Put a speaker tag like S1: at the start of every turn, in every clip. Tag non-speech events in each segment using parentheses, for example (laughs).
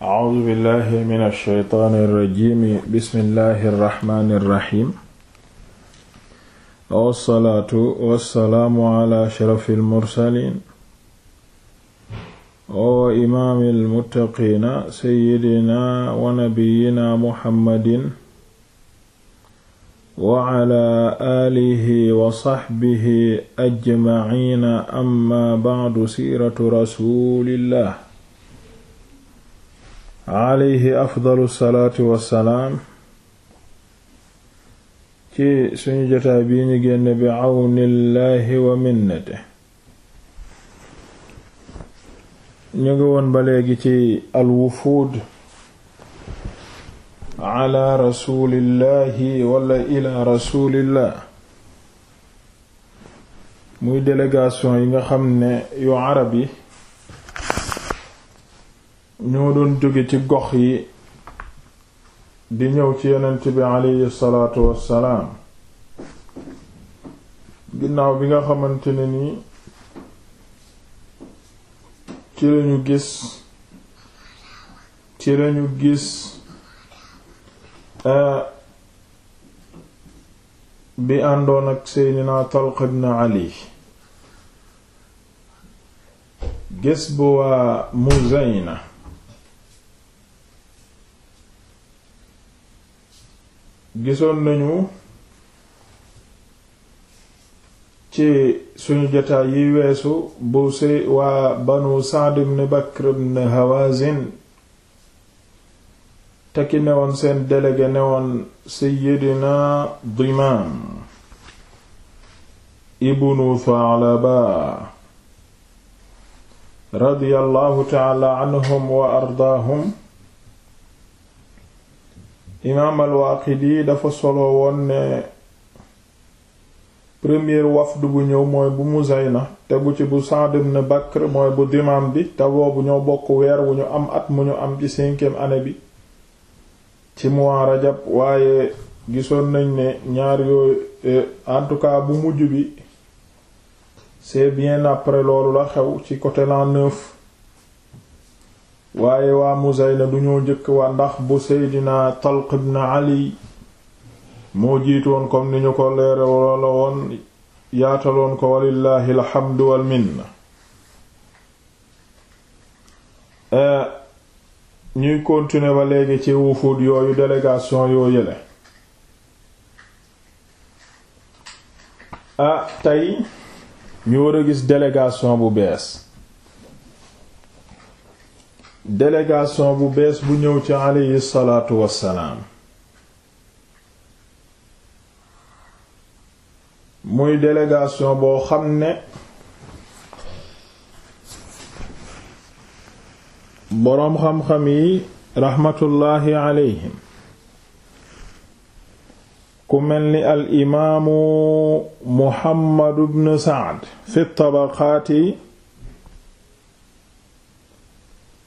S1: A'uuzu billahi mina shaytaani rajiim bismillahi rahmaani rahiim. Wassalaatu wassalaamu ala ashrafil mursaliin. wa imaamil muttaqiina sayyidinaa wa nabiyyinaa Muhammadin. wa ala aalihi wa sahbihi ajma'iina amma ba'du siiratu rasuulillah. alayhi afdalu salaatu salaam ci suñu jotaay bii ñu génn bi àwnillaahi wa minnate ñu ngi woon ba léegi ci alwufuud ala rasuulillaahi wala ila rasuulillaah muy délégation yi nga xam ne yu arab yi ñoo doon jóge ci gox yi di ñëw ci yonent bi aleyhi salaatu wassalaam ginnaaw bi nga xamante ne ni ci lañu gis ci lañu gis euh, bi àndoon ak seydina Talq ibn Ali gis bu waa Muzayna gisoon nañu ci suñu jotaay yi weesu bu si waa banu Sa'd ibn Bakr Hawazin te ki newoon seen délégué newoon Seydina Dimaam ibnu Tha'laba radiyallahu ta'ala anhum wa ardaahum imaam al-Waaqidi dafa solo woon ne premier wafd bu ñëw mooy bu na tegu ci bu Sa'd ibn Bakr mooy bu dimaam bi te boobu ñoo bokk weer wu ñu am at mu ñu am ci cinquième année bi ci mois Rajab waaye gisoon nañ ne ñaar yooyu eh, en tout cas bu mujj bi c'est bien après loolu la xew ci côté l'an neuf waaye waa Muzayla duñoo jëkk waa ndax bu seydina Talq ibn Ali moo jiitoon comme ni ñu ko leere wala woon yaataloon ko walillaahi alxamdu wal minna eh, ñuy continuer ba léegi ci wufuud yooyu délégation yoo yële ah tey ñu war a gis délégation bu bees délégation bu bees bu ñëw ci aleyhi salaatu wassalaam muy délégation boo xam ne boroom xam-xam yi raxmatullaahi aleyhim ku mel ni al imaamu muhammadu bnu saad fi tabaqaati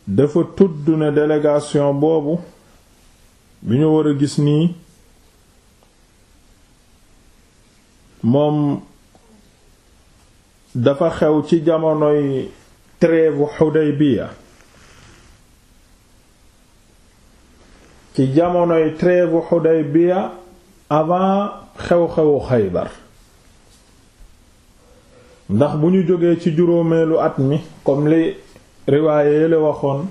S1: dafa tudd ne délégation boobu bi ñu war a gis nii moom dafa xew ci jamonoy trêve Hudaybiya ci jamonoy trêve Hudaybiya avant xew-xewu Xaybar ndax bu ñu jógee ci juróomeelu at mi comme li riwaaye yële waxoon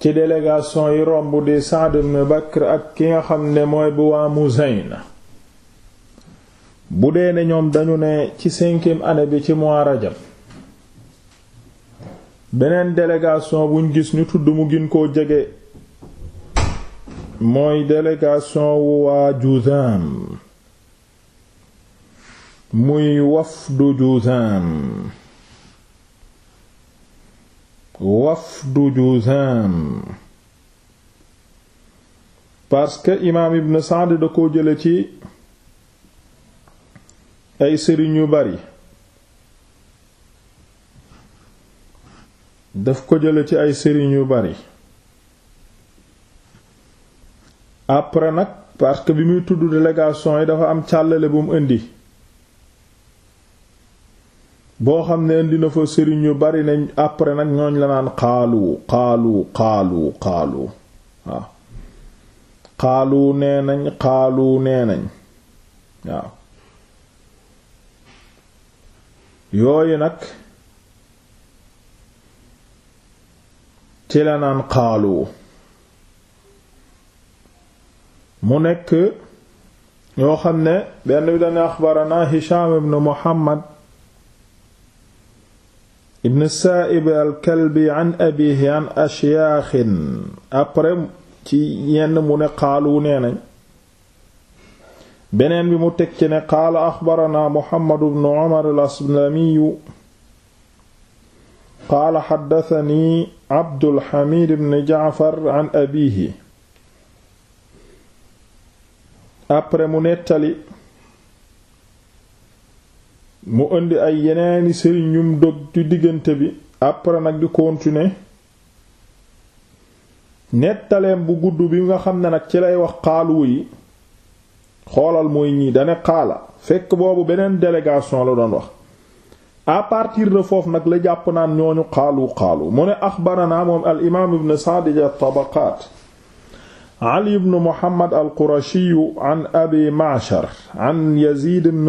S1: ci délégation yi romb di Sa'd ibn Bakr ak ki nga xam ne mooy bu waa Muzayna bu dee ne ñoom dañu ne ci cinquième année bi ci mois Rajab beneen délégation buñ gis ñu tudd mu gin koo jege mooy délégation wu waa Juzaam muy wafdu Juzaam wafdu Juzaam parce que imaam Ibn Sa'd da koo jële ci ay sëriñ bari daf ko jële ci ay sëriñ yu bari après nag parce bi muy tudd délégation yi dafa am càllale bu mu indi boo xam ne indi na fa sëriñ yu bari nañ après nag ñooñ la naan xaalu xaalu xaalu xaalu waaw xaalu nee nañ xaalu nee nañ waaw yooyu nag ci la naan xaalu mu nekk yoo xam ne benn bi dana axbarana Hisham ibn Muhammad ibn saaib alkalbi an abihi an ashyaaxin après ci yenn mu ne qaalu nee nañ beneen bi mu teg ci ne qaala axbarana muhammadu bnu umar alaslamiyu qaala xaddatani abdulxamid bn jaafar an abihi après mu nettali mu indi ay yeneeni sëriñ yum dog ci diggante bi après nag di continuer nettaleem bu gudd bi nga xam ne nag ci lay wax xaalu yi xoolal mooy ñii dana xaala fekk boobu beneen délégation la doon wax à partir de foofu nag la jàpp naan ñooñu xaalu xaalu mu ne axbarana moom al imaam ibn Sa'd at-Tabaqaat Ali ibn Muhammad al-Qurashi an Abi Ma'shar an Yazid ibn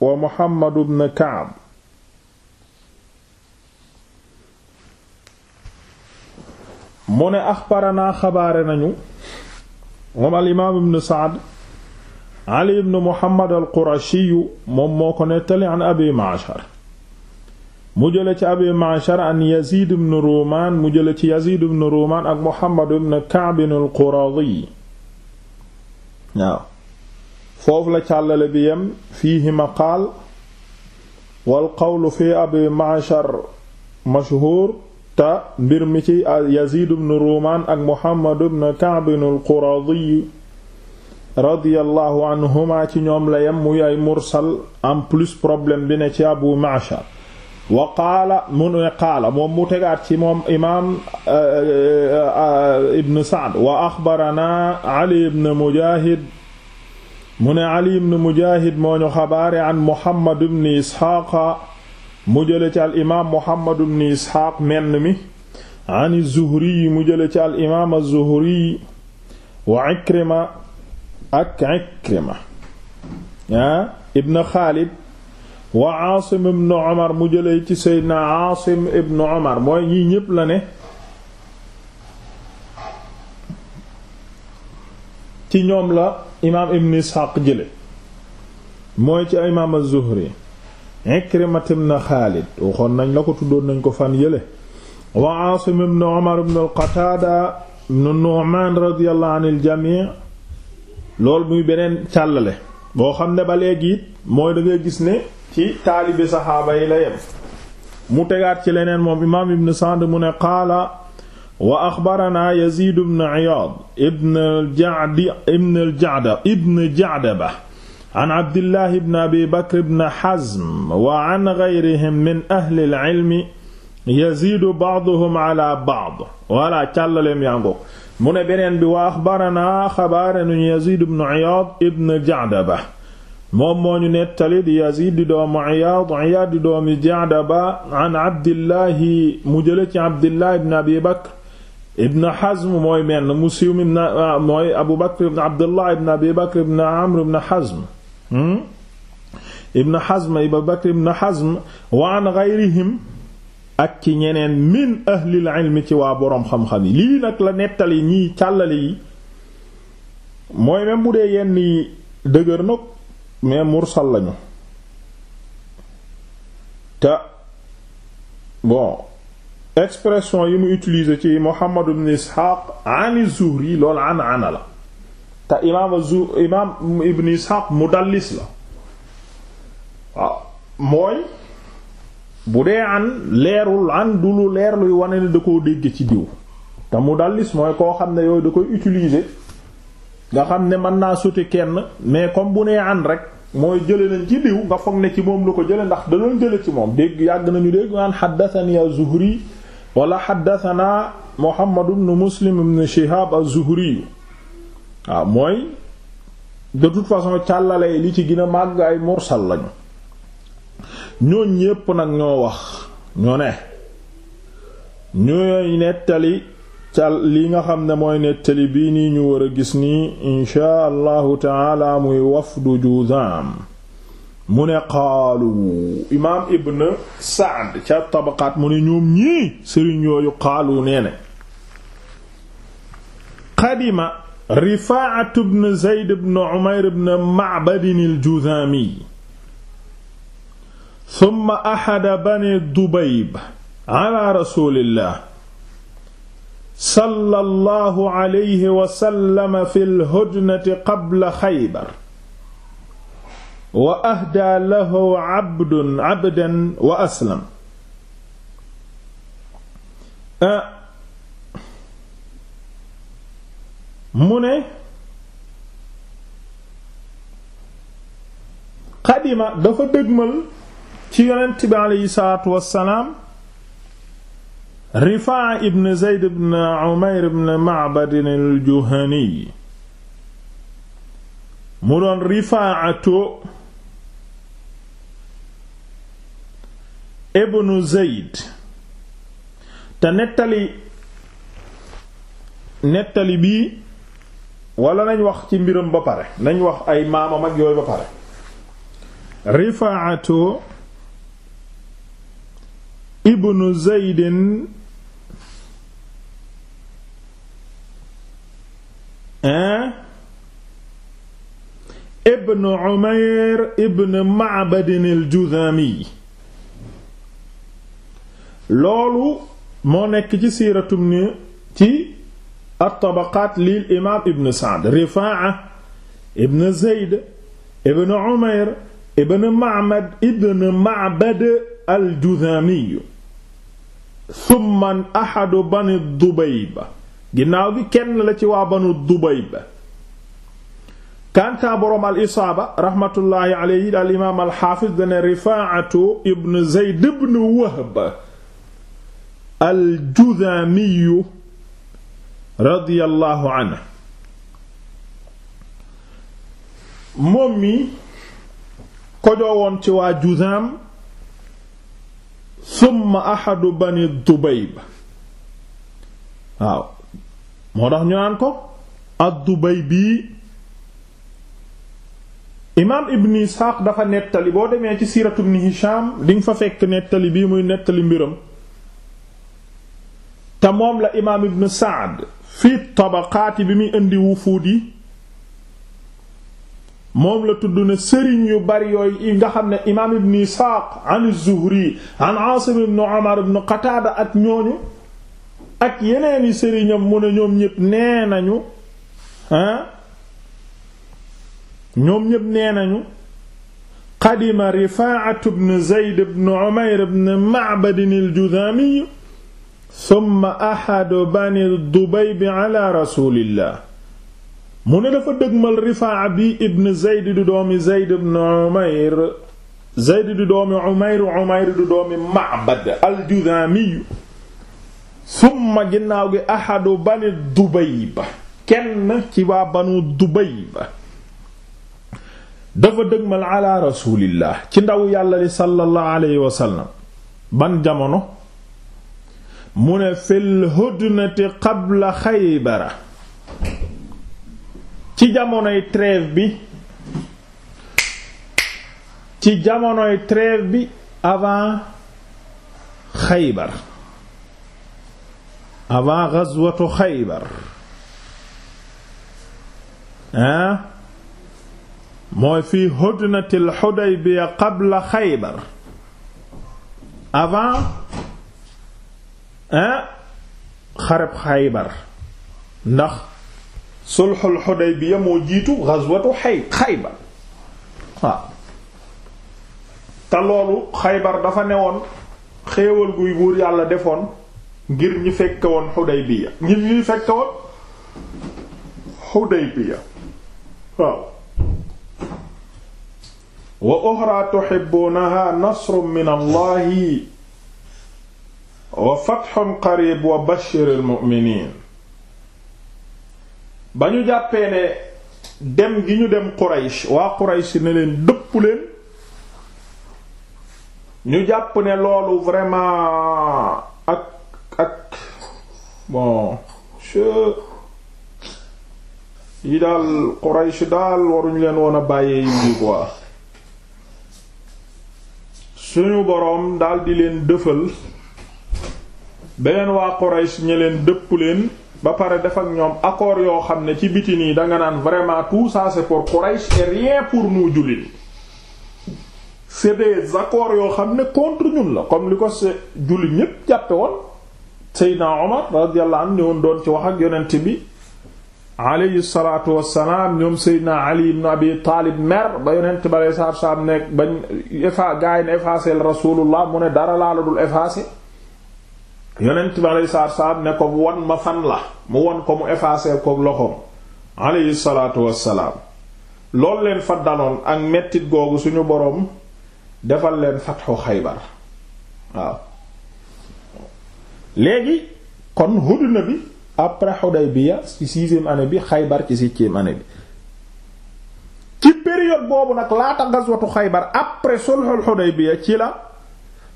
S1: wa Muhammad mu ne axbaranaa xabaare nañu moom al imaam ibn Sa'd Ali ibn Muhammad al Qurashiyu moom moo ko nettali an Abi Ma'shar mu jële ci Abi Ma'shar an Yazid ibn Rumaan mu jële ci Yazid ibn Rumaan ak Muhammad ibn Ka'b al Quradi waaw foofu la càllale bi yem fiihi maqaal wal qawlu fi abi ma'shar mashhuur te mbir mi ci Yaziid ibn Ruumaan ak Muhammad ibn Ka'b al-Quradi radiyallahu anhuma ci ñoom la yem muy ay mursal en plus problème bi ne ci Abu Ma'shar wa qaala mu ne qaala moom mu tegaat ci moom imaam euh, euh, euh, Ibn Sa'd wa axbarana Ali ibn Mujaahid mu ne ali ibn mujaahid moo ñu xabaare an muhammad ibn isxaaqa mu jële ci al muhammad ibn isxaaq menn mi an zuhri mu jële ci al imaam wa ikrima ak ikrima ah ibn xaalid wa aasim ibn omar mu jële ci seydna aasim ibn omar mooy ñii ñépp la ne ci ñoom la imaam ibn Isxaaq jële mooy ci imaam az-Zuhri Ikrimat ibn Xaalid waxoon nañ la ko tuddoon nañ ko fan yële wa Aasim ibn Umar ibn al-Qataada ibn Nu'maan radiyallahu anil jamii loolu muy beneen càllale boo xam ne ba léegi it mooy da gis ne ci taalibi saxaaba yi la yem mu tegaat ci leneen moom imaam ibn Sa'd mu ne qaala wa axbaranaa yaziid ibn iyaad ibn al-ja'd ibn al-ja'd ibn ja'daba an abdillah ibn abi bakr ibn hazm wa an ghayrihim min ahli al-ilmi yaziidu ba'duhum ala ba'd wala càllaleem yaa ngoog mu ne beneen bi wa axbaranaa xabaaranu yaziid ibn iyaad ibn ja'daba moom moo ñu nettali di Yaziid di doomu Iyaad Iyaad di doomi Ja'daba an Abdillahi mu jële ci Abdillah ibn Abi Bakr Ibn Hazm mooy benn mu na mi ah, mooy Abu Bakr ibn Abdullah ibn Abi Bakr ibn Amr ibn Hazm hmm? Ibn Hazm Abu Bakr ibn Hazm wa an ghayrihim ak ci ñeneen min ahlil ilmi ci waa boroom xam-xam yi lii nag la nettali ñiy càllali yi mooy même bu dee yenn yi dëgër nag mais mursal lañu te bon expression yi mu utilisé ci Muhammad ibn Ishaq an Zuhri loolu an ana la te imaam zu imaam ibn Ishaq mudallis la waaw mooy bu dee an leerul an du lu leer luy wane ne da ko dégg ci diw te mu mudallis mooy koo xam ne yooyu da koy utiliser nga xam ne mën naa soti kenn mais comme bu nee an rek mooy jële nañ ci diw nga foog ne ci moom la ko jële ndax da doon jële ci moom dégg yàgg nañu dégg an haddathani Zuhri wala xaddatanaa Muhammad ibn Muslim ibn Shihab az-Zuhri waaw ah, mooy de toute façon càllale yi li ci gën a màgg ay mursal lañu ñoo ñépp nag ñoo wax ñoo ne ñooy nettali cal li nga xam ne mooy nettali bii nii ñu war a gis nii inshaa allahu taala muy wafdu Juzaam mu ne xaalu imaam ibn Saad ca tabaqaat mu ne ñoom ñii sëriñ yooyu xaalu nee ne qadima rifaatu bn zeyd bn umayr bn macbadin aljuzaami summa axada bani dubayb ala rasulillah sallallahu alayhi wa sallam fi lhudnati qabla xaybar wa ahdaa lahu abdun abdan wa aslam ah, mu ne xadima dafa dëgmal ci yonent bi aleyhi salaatu wassalaam rifaa ibn zeyd ibn umayr ibn ma'bad al-juhani mu doon rifaatu ibnu zeyd te nettali nettali bii wala nañ wax ci mbiram ba pare nañ wax ay maamam ak yooyu ba pare rifaatu ibnu zeydin hein ibn Umayr ibn Ma'bad al-Judhami loolu moo nekk ci siiratum ni ci at-Tabaqaat lil imaam ibn Sa'd Rifaa'a ibn Zayd ibn Umayr ibn Ma'bad ibn Ma'bad al-Judhami thumma ahadu Bani Dubayba ginnaaw gi kenn la ci waa Banu Dubayba kanta boroom al isaaba rahmatullahi alayhi al imaam al xaafis dana rifaatu ibn zeyd ibn wahb al judaamiyu radiyallahu anhu moom mi kojoowoon ci waa judaam summa ahadu bani dubayb waaw moo tax ñu naan ko ad dubaybi imaam ibn isxaaq dafa nettali boo demee ci siiratu ibn hisham dinga fa fekk nettali bii muy nettali mbiram te moom la imaam ibn saad fii tabaqaati bi muy indi wufuud yi moom la tudd na sëriñ yu bari yooyu nga xam ne imaam ibn isxaaq an zuhri an aasim ibn umar ibn qataada ak ñooñu ak yeneeni sëriñam mu ne ñoom ñépp nee nañu ñoom ñépp nee nañu qadima rifaa'atu bnu zayd bnu umayr bnu ma'badin al-judaami summa ahadu bani dubayb ala rasulillah mu ne dafa dëgmal rifaa'a bi ibn zayd du doomi zayd bnu umayr zayd du doomi umayr umayr du doomi ma'bad gi ahadu bani dubayb kenn ci waa banu dubayb dafa dëgmal ala rasulillah ci ndaw yàlla li sallallahu alayhi ban jamono mu ne fil hudnati qabla xaybara ci jamonoy trêve bi ci jamonoy trêve bi avant xaybar avant ghazwatu xaybar mooy fii hudnatil Hudaybiya qabla Xaybar avant hein Xaybar ndax sulhul Hudaybiya moo jiitu ghazwatu xay Xaybar waaw loolu Xaybar dafa newoon xéewal guy buur yàlla defoon ngir ñi fekke woon Hudaybiya ngir ñi fekke woon Hudaybiya wa uxra tuhibbunaha nasrun min allahi wa fathun qarib wa bashiril mu'minin ba ñu jàppee ne dem gi ñu dem Quraysh waa Quraysh ne leen dëpp leen ñu jàpp ne loolu vraiment ak ak yi daal Quraysh daal waruñu leen woon a bàyyee yi quoi suñu boroom di leen dëfal beneen waa Quraysh ñe leen dëpp leen ba pare def ak ñoom accord yoo xam ne ci biti nii danga naan vraiment tout ça c'est pour Quraysh et pour nous jullit c'est des accords yoo xam ne contre ñun la comme li ko se jullit ñépp jàppe woon Seydina Omar radiyallahu anhu ñëwoon doon ci wax ak yonent bi alayhi salaatu wassalaam ñoom Seydina Ali ibn Abi Taalib mer ba yonent ba lay saab saab nekk bañ effa gaay na effacé Rasulullah mu ne dara laa la dul effacé yonent ba lay saab saab ne ko won ma fan la mu won ko mu effacé ko loxoom alayhi salaatu wassalaam loolu leen fa daloon ak mettit googu suñu boroom defal leen fatxu Xaybar waaw léegi kon Hudna bi après Hudaybiya ci sixième année bi Xaybar ci septième année bi ci période boobu nag laata gazwatu Xaybar après sulhul Hudaybiya ci la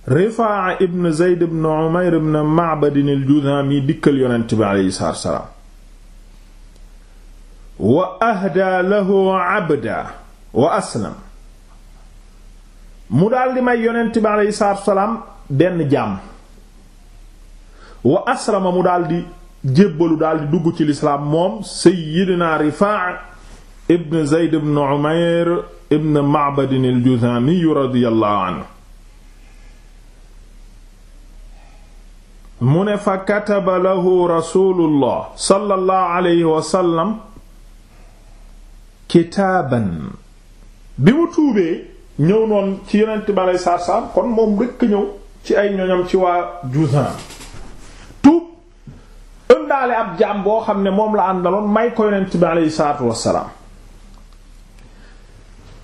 S1: Rifaa ibn Zayd ibn Umayr ibn Ma'bad al-Judhami dikkal yonent bi aleyhi wa salaam wa wa aslam mu daldi may yonent bi aleyhi wa benn jaam aslama mu daldi jébbalu daal di dugg ci lislaam moom Seyyidina Rifaa ibn Zayd ibn Umayr ibn Ma'bad al-Juzaami radiyallahu anhu mu ne fa kataba bi mu tuubee ñëw noonu ci yonent bi aleyhi salaam kon moom rekk ñëw ci ay ñoñam ci waa Juzaam àndaale ab jaam boo xam ne moom la àndaloon may ko yonent bi aleyhi salaatu wassalaam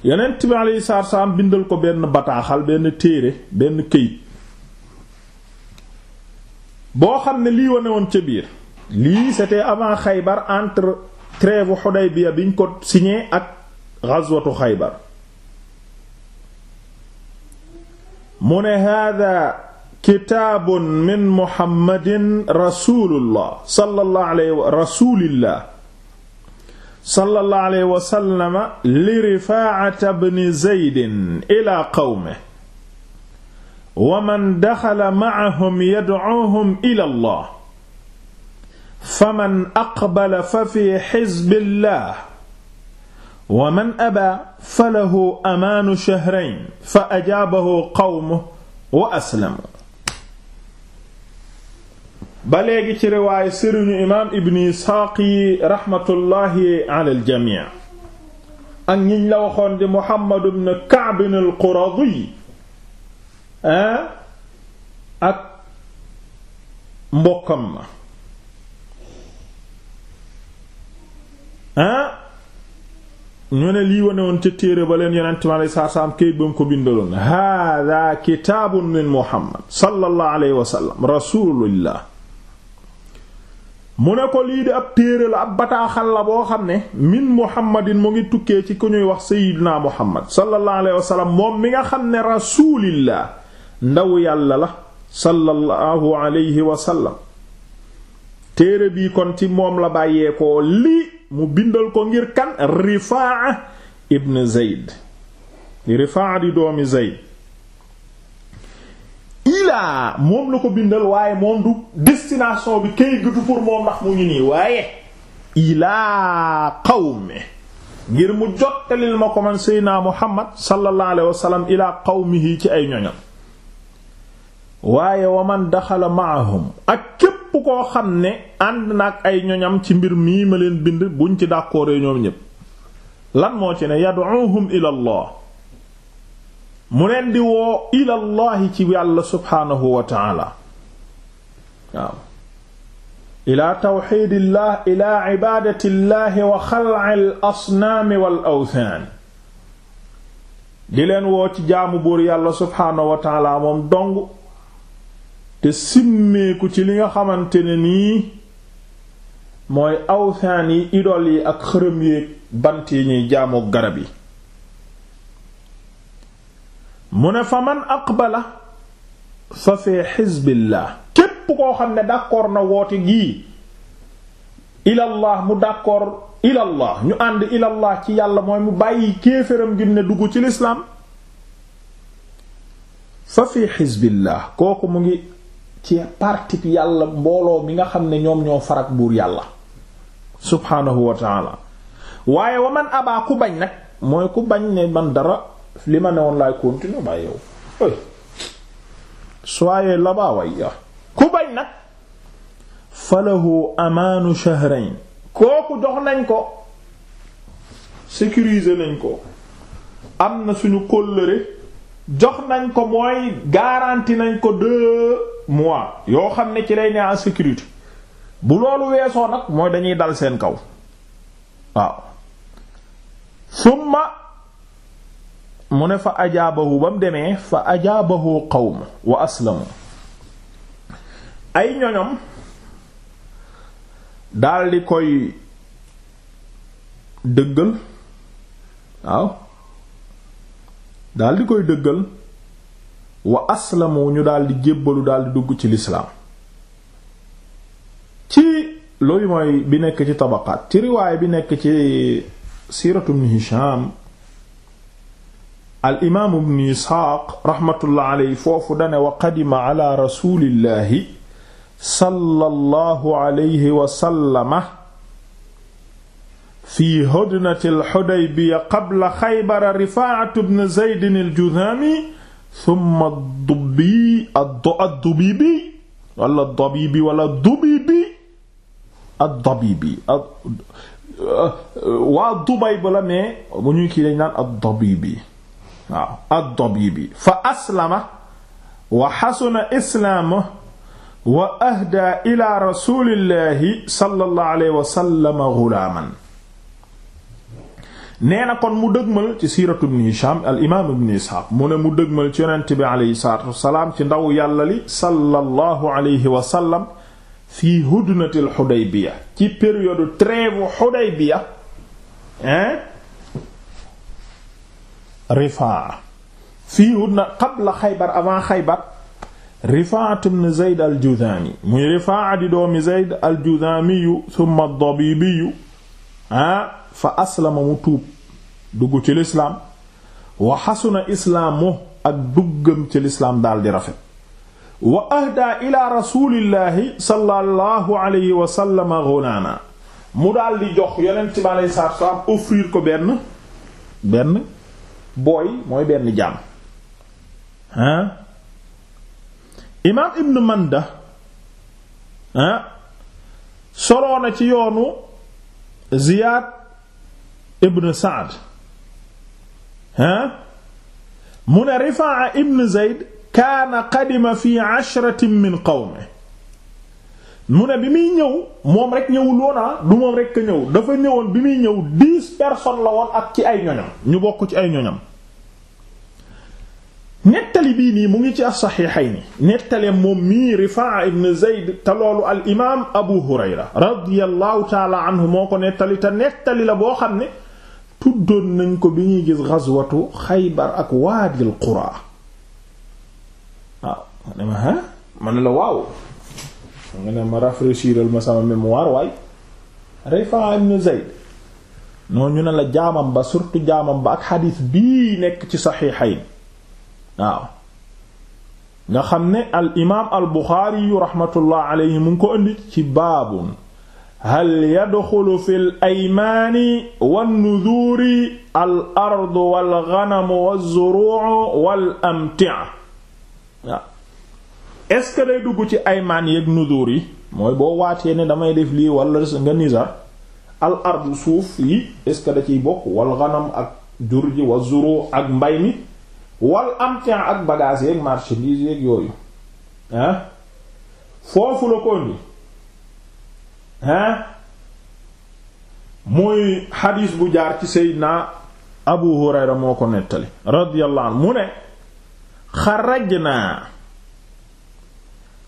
S1: yonent bi aleyhi salaatu wassalaam bindal ko benn bataaxal benn téere benn këyit boo xam ne lii wane woon ca biir lii c'était avant Xaybar entre trêve Hudaybiya biñ ko signé ak ghazwatu Xaybar mu ne hada kitaabun min muhammadin rasulullah sallallahu alayhi wa rasulillah sallallahu alayhi wa sallama li rifaa'ata bni zaydin ila qawmihi wa man daxala ma'ahum yad'uuhum ila allah faman aqbala fa fi xizbillah wa man abaa falahu amaanu shahrayn fa ajaabahu qawmuhu wa aslamu ba léegi ci riwaay sëriñu imaam ibni isxaaq yi raxmatullaahi ala aljamii ak ñiñ la waxoon di muhammadu bnu kaabin al quradi ah? ak mbokkam ma ah ñu ne lii wane woon ca téere ba leen yonent mi alayhi salaatu salaam kayit ba ko bindaloon haadaa kitaabun min muhammad sallallahu mu ne ko lii de ab téere la ab bataaxal la boo xam ne min muhammadin mu ngi tukkee ci ku ñuy wax sayyidina muhammad sallallahu alayhi wa moom mi nga xam ne rasulillah ndaw yàlla la sallallahu alayhi wa téere bii kon ci moom la bàyyeekoo lii mu bindal ko ngir kan rifaa ibn zayd rifaa di doomi zayd ilaa moom la ko bindal waaye moom du destination bi kay gutu pour moom ndax mu ngi nii waaye ilaa qawmi ngir mu jottalil ma ko man seydna muhammad sallallahu alayhi wasallam ilaa ci ay ñoñam waaye wa man daxala maahum ak képp koo xam ne ànd na ak ay ñoñam ci mbir mii ma leen bind buñ ci d'accord ñoom ñépp lan moo ci ne yad'uuhum ila allah mu leen di woo ilallahi ci yàlla subhaanahu wa taala waaw ila tawxiidillah ila ibaadatillahi wa xal'il asnaami wal awthaan di leen woo ci jaamu buur yàlla subhaanahu wa moom dong te simmeeku ci li nga xamante ne nii mooy awthaan yi idol yi ak xërëm yi bant yi ñuy jaamu garab yi mu ne fa man aqbala fa fi xizbillah képp koo xam ne d'accord na woote gii ilallah mu d'accord ilallah ñu ànd ilallah ci yàlla mooy mu bàyyi kéeféram gim ne dugg ci lislaam fa fi xizbillah kooku mu ngi ci parti yàlla mbooloo mi nga xam ne ñoom ñoo farak buur yàlla subhaanahu wa taala waaye wa man abaa ku bañ nag mooy ku bañ ne man dara li ma ne woon laay continuer bàyyi yow soyez là-bas waay ya ku bañ nag falahu amaanu shahrayn kooku jox nañ ko sécuriser nañ ko am na suñu kóllëre jox nañ ko mooy garanti nañ ko deux mois yoo xam ne ci lay ne en sécurité bu loolu weesoo nag mooy dañuy dal seen kaw waaw summa mu ne fa ajaabahu ba mu demee fa ajaabahu qawm wa aslamu ay ñoñom daldi koy dëggal waaw daldi koy dëggal wa aslamu ñu daldi jébbalu daldi dugg ci lislaam ci loolu mooy bi nekk ci tabaqaat ci riwaay bi nekk ci siiratu ibn al imaam ibn isxaaq raxmatullah aleyhi foofu dane wa qadima ala rasulillahi sallallahu alayhi wa sallama fi hodnati alxudaybiya qabla xaybara rifaatu bn zeydin aljudaami summa dubbi addubibi wala dabibi wala dubibi addabibi uh, uh, waa dubay ba la mais bu ñuy kii dañ naan addabibi waaw ad-Dabibi fa aslama wa xasuna islaamuhu wa ahda ila rasulillahi sallallahu alayhi wa sallam ghulaaman nee kon mu dëgmal ci siiratu ibn Hisham al imaam ibn Isxaaq mu ne mu dëgmal ci yonent bi alayhi salaatu wasalaam ci ndaw yàlla li sallallahu alayhi wa ci période trêve Hudaybiya rifaa fii hudna qabla xaybar avant xaybar rifaa ibn zeyd al juzaami muy rifaa di doomi zeyd al juzaamiyu thumma al dabibiyu ah fa aslama mu tuub dugg ci lislaam wa xasuna islaamu ak duggam ci lislaam daal di rafet wa ahdaa ila rasulillahi sallallahu alayhi wa sallam ghulaama mu daal di jox yonent bi alayhi salaatu wa salaam offrir ko benn benn booy mooy benn jaam ah imaam ibn manda ah na ci yoonu ziyaad ibn saad mu ne rifaa ibn zayd kaana qadima fi ashratin min qawme mu ne bi muy ñëw moom rek ñëwul woon ah, du moom rek ka ñëw dafa ñëwoon bi muy ñëw dix personnes la woon ak ci ay ñoñam ñu bokk ci ay ñoñam nettali bii nii mu ngi ci as-saxiixayni nettali moom mii Rifaa ibn Zayd te loolu al imaam Abu Hurayra moo ko nettali te boo xam ne tuddoon nañ ko bi ñuy gis gazwatu Xaybar ak Waadil Quraa waaw la waaw nga ne ma rafraîchiral ma sama mémoire Rifaa ibn Zayd noonu ñu ne la jaamam ba surtout jaamam ba ak xadiis bii nekk ci saxiixayni waaw nga xam ne al imaam al buxaari yu raxmatullah aleyhi mu ngi ko indi ci baabun hal yadxulu fi l aymaani wannuzuuri al ardu walganamu walzuruucu wal amtia waaw est day dugg ci aymaan yeeg nuzuur yi mooy boo waatee ne damay def lii wala nga nizar al suuf yi est-ce que da ciy bokk walganam ak jur ji wazuruu ak mbay mi wal amtin ak bagages yeeg marchandises yeeg yooyu ah foofu la ko indi muy xadiis bu jaar ci Seydina Abu Hurayra moo ko nettali radiyallahu anhu mu ne xarajnaa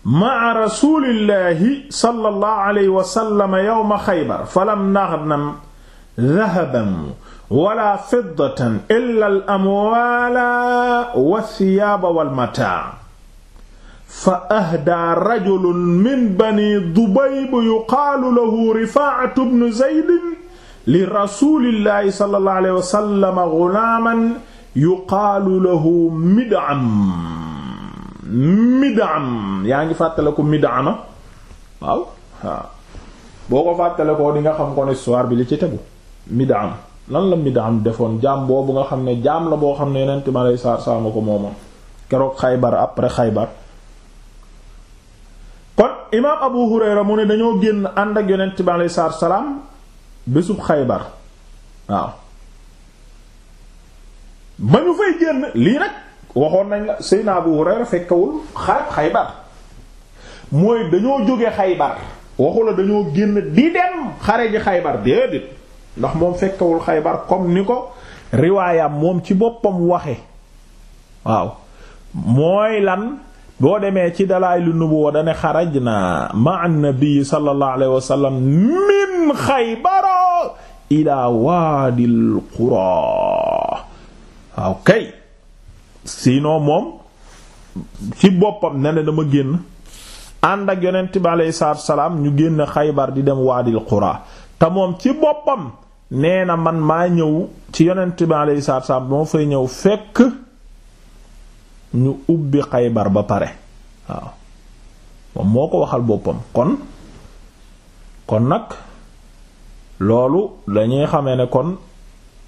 S1: ma rasulillahi sallallahu alayhi wa sallam yawma Xaybar falam nagnam dahaban wala fiddatan illa al amwaala wa thiyaaba wal mataa fa ahdaa rajulun min bani dubayb yuqaalu lahu rifaacatu bnu zaydin li rasuulillaahi sallallahu alayhi wa sallam ghulaaman yuqaalu lahu mid'am mid'am yaa ngi fàttale ko mid'ama ah? waaw boo ko fàttale ko di nga xam kon histoire bi li ci tegu mid'am lan la Mid'am defoon jaam boobu nga xam ne jaam la boo xam ne yeneen ma lay saar saama ko moomoon keroog Xaybar après Xaybar kon imaam Abu Hurayra mu ne dañoo génn ànd ak yonent bi aleyhi salaam bésub Xaybar waaw ba ñu fay génn lii nag waxoon nañ la Seydina Abu Hurayra fekkewul xarab Xaybar mooy dañoo jóge Xaybar waxu la dañoo génn di dem xare ji Xaybar déedéet ndax moom fekkewul xaybar comme ni ko riwaayam moom ci boppam waxe waaw mooy lan boo demee ci dalaa'ilu nubuwwa dane xarajna ma'a an-nabi sallallahu alayhi wa sallam xaybara ila waadil qura waaw kay sinon moom ci boppam ne ne dama génn ànd ak yonent bi alayhi salaam ñu génn xaybar di dem waadil qura te moom ci boppam nee na man maa ñëw ci yonent bi alayhi salaatu salaam moo fay ñëw fekk ñu ubbi xaybar ba pare waaw moo ko waxal boppam kon kon nag loolu dañuy xamee ne kon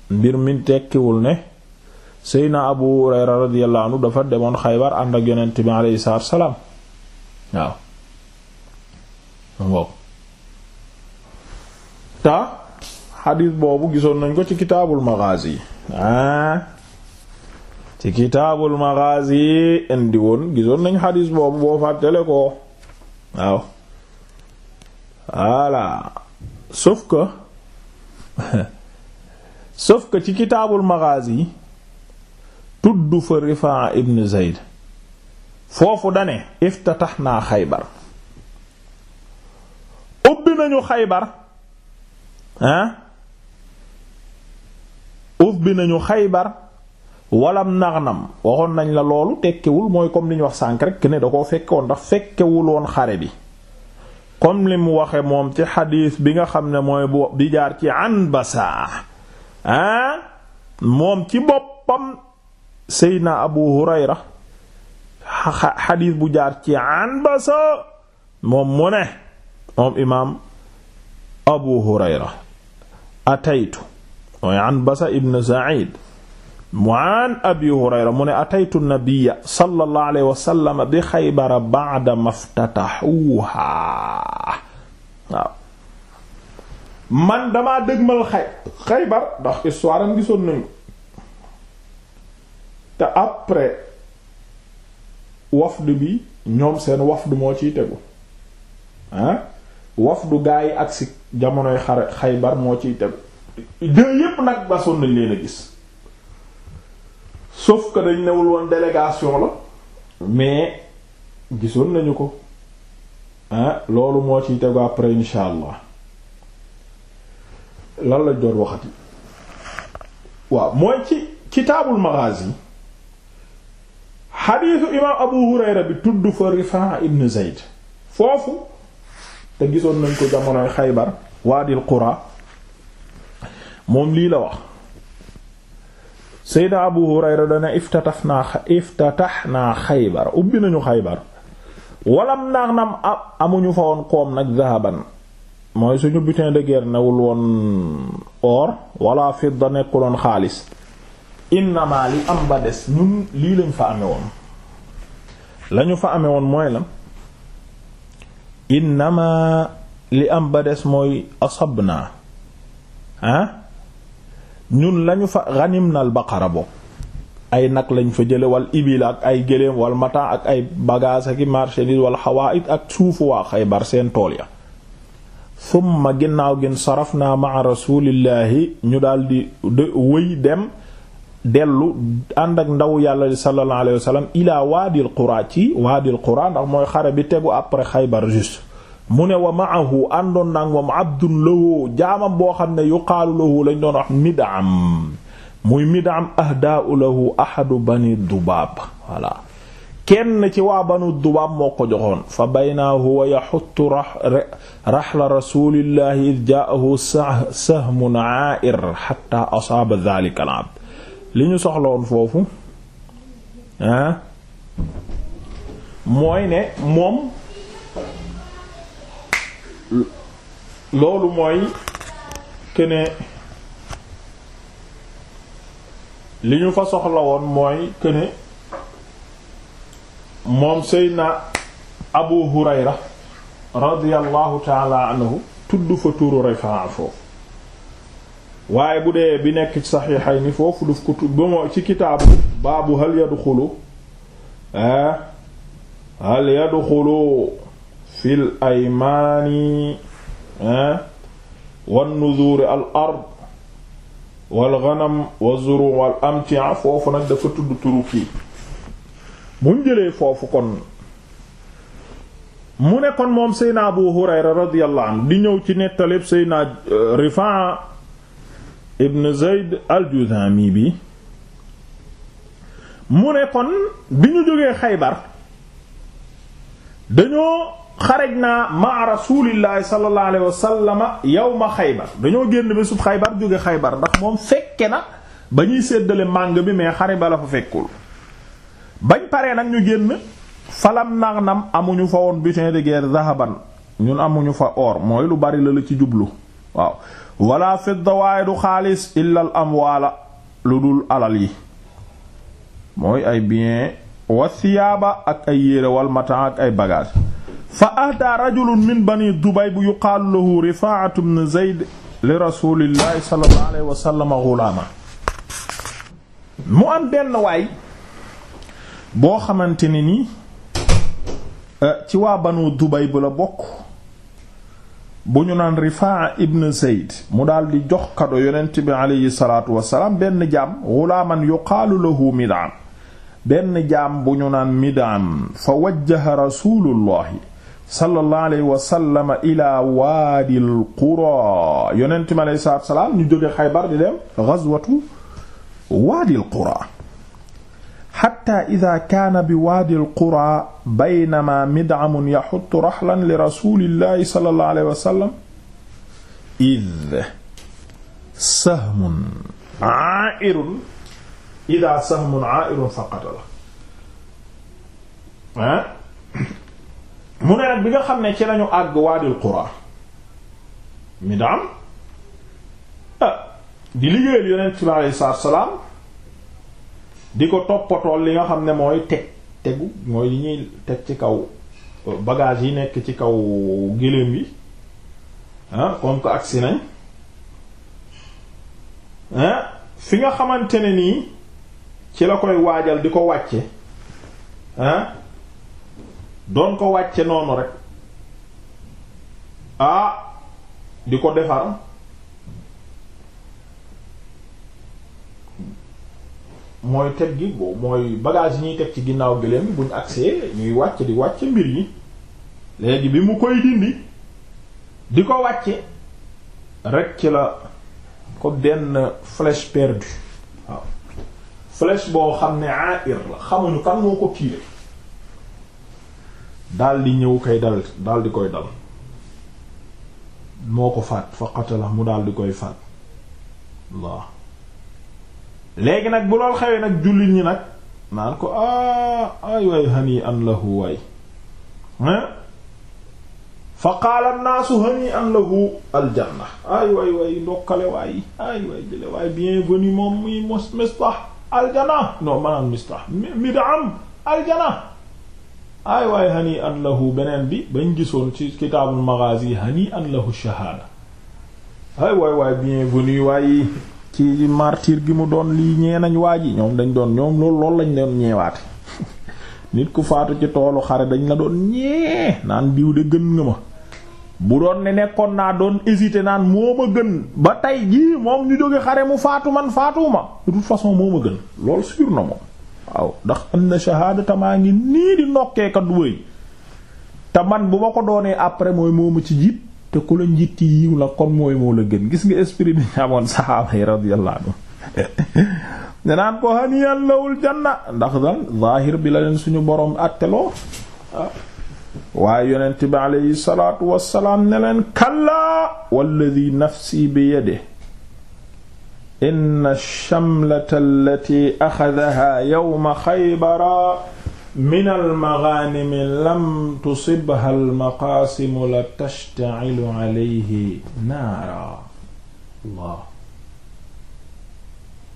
S1: mbir mi tekkiwul ne Seydina Abu Hurayra radiyallahu dafa demoon xaybar ànd ak yonent bi alayhi salaam waaw ta xadiis boobu gisoon nañ ko ci kitaabul maghazi ah ci kitaabul maghazi indi woon gisoon nañ xadiis boobu boo fàttale ko waaw voilà sauf que (laughs) sauf que ci kitaabul maghazi tudd fa Rifaa ibn Zayd foofu dane iftatahnaa Xaybar ubbi nañu Xaybar ah? uf bi nañu xaybar walam naxnam waxoon nañ la loolu tekkewul mooy comme li ñu wax sànk rek ne da koo fekkewoon ndax fekkewul woon xare bi comme li mu waxe moom ci xadiis bi nga xam ne mooy di jaar ci Anbasa ah moom ci boppam Seydina Abu Hurayra xadiis bu jaar ci Anbasa moom mu ne moom imaam Abu Hurayra ataytu mooy an basa ibn said mu an abi hurayra mu ne ataytu nabia sallallahu alayhi bi xaybara ba'da maftatahuha waaw man damaa dëgmal xay xaybar ndax histoire gisoon nañu te après wafdu bi ñoom seen wafdu moo ciy tegu ah wafdu gaa yi agsi jamonoy xare xaybar moo ciy tegu deux yépp nag basoon nañ leen a gis sauf que dañ newul woon délégation la mais gisoon nañu ko ah loolu moo ciy tegu après insha allah lan lañ doon waxati waaw mooy ci kitaabul maghazi xadiisu imaam abu hurayra bi tudd fa rifaa ibn zayd foofu te gisoon nañ ko jamonoy xaybar waadil qura moom lii la wax Seydina Abu Hurayra dana iftatax naa xaybar ubbi nañu xaybar walam naax nam ah, amuñu fa woon koom nag zahaban mooy suñu butin de guerre newul woon or wala fidda nekkuloon xaalis innama li am ba des ñun lii lañ fa ame woon lañu fa ame woon mooy la innama li am ba des mooy asab naa ah ñun lañu fa xanim nal baqara bo ay nag lañ fa jële wal ibil ak ay géléem wal mata ak ay bagage ak i marchandise wal xawaait ak suufu waa Xaybar seen tool ya summa ginnaaw gin sarafna maa rasulillahi ñu daldi wëy dem dellu ànd ak ndaw yàlla li sallallahu alayhi wa sallam waadil qura ci waadil qura ndax mooy xare bi tegu après Xaybar juste mu ne wa maahu àndoon naag moom abdun lahu jaamam boo xam ne yuqaalu lahu lañ doon wax midam muy midam ahdaau lahu ahadu bani dubaab kenn ci waa banu dubaab moo ko fa baynaa huwa yaxuttu raxla rasulillahi id jaahu sahmun aair xatta asaaba dalika al abd li ñu soxlawoon foofu ah mooy ne moom loolu mooy këne li ñu fa soxla woon mooy këne moom Seydina Abu Hurayra radiyallahu taala anhu tudd fa turu Rifaa foofu waaye bu dee bi nekk ci saxiixayni foofu daf ko tudd ba moo ci kitaabu baabu hal yadxulu ah hal yadxulu fil aymaani ah, wan nuzuuri al ard wal ghanam wa zuru wal amtia ah, foofu nag dafa tudd turu kii mun foofu kon mu ne kon moom seyna abu hurayra radiyallahu di ñëw ci nettalib seyna euh, rifaa ibn zayd al-juzami bi mu ne kon bi ñu jógee xaybar dañoo xaraj na ma rasulillahi sallallahu alayhi wa sallam yawma xaybar dañoo génn bésub xaybar jóge xaybar ndax moom fekke na ba ñuy séddale màng bi mais xare ba la fa fekkul bañ pare nag ñu génn falam nag nam amuñu fa woon butin de guerre zahaban ñun amuñu fa or mooy lu bari la ci jublu waaw wala fidda du xaalis illa al amwaala lu dul alal yi mooy ay bien wa ak ay yére wal mataa ak ay bagage fa ahdaa rajulun min bani dubayb yuqaalu lahu rifaatu bnu zayd li rasulillahi sallallahu alayhi wa sallam ghulaama mu am benn waay boo xamante ne ni eh, ci waa banu dubayb la bokk bu ñu naan rifaa ibn zayd mu daal di jox kado yonent bi aleyhi salaatu wasalaam benn jaam ghulaaman yuqaalu lahu midam benn jaam bu ñu naan midam fa wajjaha rasulullahi sallallahu alayhi wa sallam ila waadil qura yonent mi alayhi salaatu salaam ñu jóge Xaybar di dem gazwatu waadil qura xatta ida kaana bi waadil qura baynama mid'amun yaxuttu raxlan li rasulillahi sallallahu alayhi wa sallam id sahmun aa'irun ida sahmun aa'irun faqatala mu ne nag bi nga xam ne ci lañu àgg waadil qura mi ah, di liggéeyal yonent bi aleyhi salaam di ko toppatool li nga xam ne mooy teg tegu mooy li ñuy teg ci kaw euh, bagage yi nekk ci kaw gëléem yi ah comme que agsi nañ ah, fi nga xamante ne nii ci la koy waajal di ko wàcce ah doon ko wàcce noonu rek ah di ko defar mooy teg gi bo mooy bagage yi ñuy teg ci ginnaaw gëléem bi buñ agsee ñuy wàcc di wàcce mbir yi léegi bi mu koy dindi di ko wàcce rek ci la ko benn flèche perdue waaw boo xam ne air la xamuñu kan moo ko tiire dal di ñëw koy dal daldi koy dal moo ko faat fa qatala mu daldi koy faat waaw léegi nag bu lool xewee nag jullit ñi nag naan ko a ay waay hani an lahu waay fa qaala naasu hani an lahu aljanna ay waay waay ndokkale waay ay waay jële waay bienvenue moom muy mistah aljanna non maanaam mistah midam aljanna aay waay hani an lahu beneen bi bañ gisoon ci kitaabul maghazi hani an lahu shahaada ay waay waay bienvenue waaye ci martyr gi mu doon lii ñee nañ waa ji ñoom dañ doon ñoom loolu loolu lañ doon ñeewaate (laughs) nit ku faatu ci toolu xare dañ la doon ñee naan diw de gën nga ma bu doon ne nekkoon naa doon hésité naan moo ma gën ba tey jii moom ñu jóge xare mu faatu man faatuwuma de toute façon moo ma gën loolu sûr na moom waaw ndax am na shahaadata maa ngi nii di nokkeekat wëy te man bu ma ko doonee après mooy moo ci jiit te ku la njiit yi yiw la kon mooy moo la gën gis nga esprit bi ñu amoon saxaaba yi radiyallahu ne (laughs) naan ko haniyan lawul janna ndax dal zaahir bi la leen suñu borom àtteloo waaye yonent bi aleyhi salaatu wassalaam ne leen kallaa walladi nafsi bi yadihi inna shamlata allati axadaha yawma xaybara min almaganimi lam tusibha almaqaasimu la tashtacilu alayhi naara allah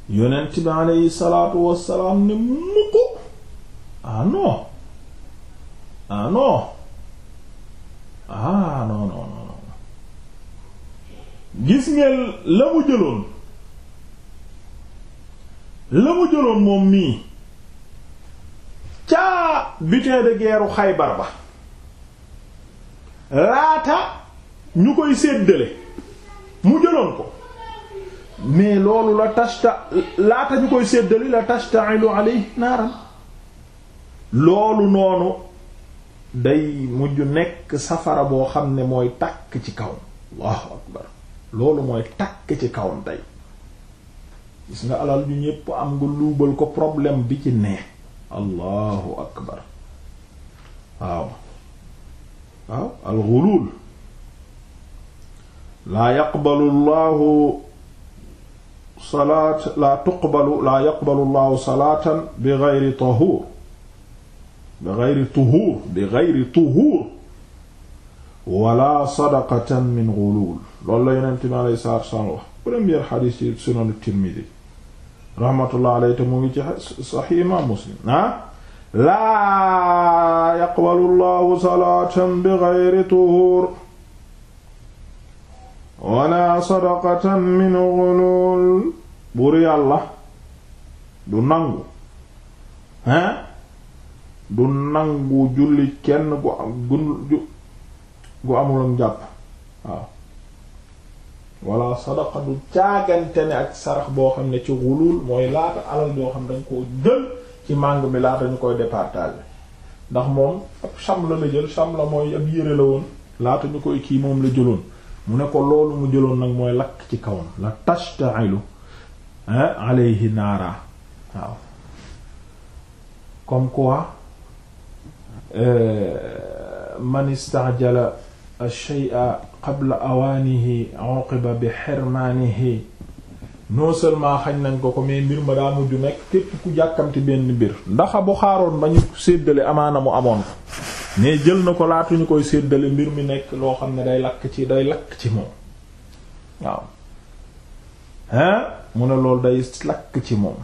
S1: yonent bi aleyhi salaatu wassalaam ne mukk ah non ah non ah non non non gis ngeen la mu jëloon la mu jëloon moom mii caa butin de guerre Xaybar ba laata ñu koy séddale mu jëloon ko mais loolu la tashta laata ñu koy séddale la tashta'ilu alayhi naaram loolu noonu day mujj nekk safara boo xam ne mooy takk ci kaw Allahu loolu mooy tàkk ci kawam tey gis nga alal ju ñépp am nga luubal ko problème bi ci ne allahu akbar waaw waaw alxuluul laa yaqbalu llahu salaat laa tuqbalu laa yaqbalu llahu salaatan bi geyri tahuur bi geyri tuhuur wala sadaqatan min xuluul loolu la yonente mi alei salatu salaam wax premier xadiis ci sunanu rahmatullah alayhi te mu ngi ci sahih imam muslim ah laa yaqbalu llahu salaatan bi gayri tuhur wala sadaqatan min ghulul buur yàlla du nangu hein du nangu julli kenn gu am gu wala sadaqa du caagante ne ak sarax boo xam ne ci wulul mooy laata alal boo xam ne dañ koo jël ci màngo bi laata ñu koy départager ndax moom ab chamla la jël chamla mooy ab yére la woon laata ñu koy kii moom la jëloon mu ne ko loolu mu jëloon nag mooy lakk ci kawam la tashtailu alayhi naara waaw comme quoi euh, man istaajala shay'a qabla awaanihi uqiba bi xirmaanihi non seulement xañ nañ ko ko mais mbir ma daa mujj nekk képp ku jàkkamti benn mbir ndax bu xaaroon ba ñu séddale amaana mu amoon ko mais jël na ko laatu ñu koy séddale mbir mi nekk loo xam ne day lakk ci day lakk ci moom waaw hein mu ne loolu day lakk ci moom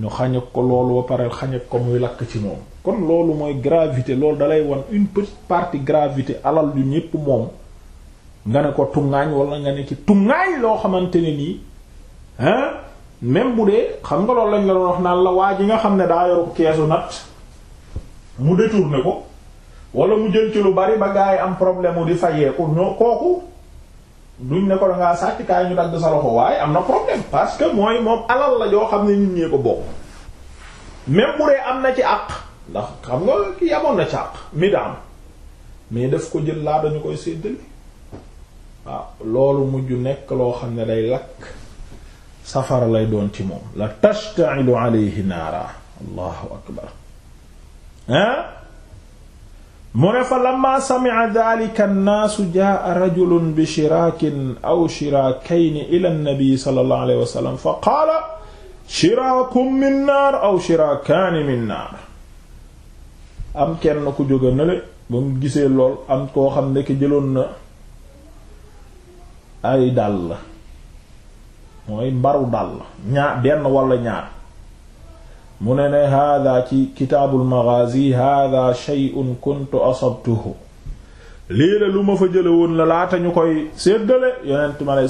S1: ñu xañ ko loolu ba pare xañ ko muy lakk ci moom kon loolu mooy gravité loolu dalay wan une petite partie gravité alal yu ñépp moom nga ne ko tuŋaañ wala nga ne ci tuŋaañ loo xamante ne nii hein même bu dee xam nga loolu lañ la doon wax naan la waa ji nga xam ne daa yoru keesu nat mu détourné ko wala mu jël ci lu bari ba gaa yi am problème di fayee ko ñoo kooku duñ ne ko da ngaa sàcc kaay ñu dagg sa loxo waaye am na problème parce que mooy moom alal la joo xam ne nit ñee ko bokk même bu dee am na ci àq ndax xam nga ki amoon na ci àq mi daam mais daf ko jël laa dañu koy loolu mujj nekk loo xam ne day lakk safara lay doon ci moom la tashta'ilu alayhi naara allahu akbar ah mu ne fa lamma sami'a dhalika an-naasu fa qaala shiraakun min naar aw shiraakaani min naar am kenn ku jóge na le ba mu gisee lool am koo xam ne ki jëloon na ay dàll mooy mbaru dàll ñaar benn walla ñaar mu ne ne hàdda ci kitaabul maghazi hàdda shay'un kuntu asabtuhu lii la lu ma fa jële la laata ñu koy séddale yonent ma lay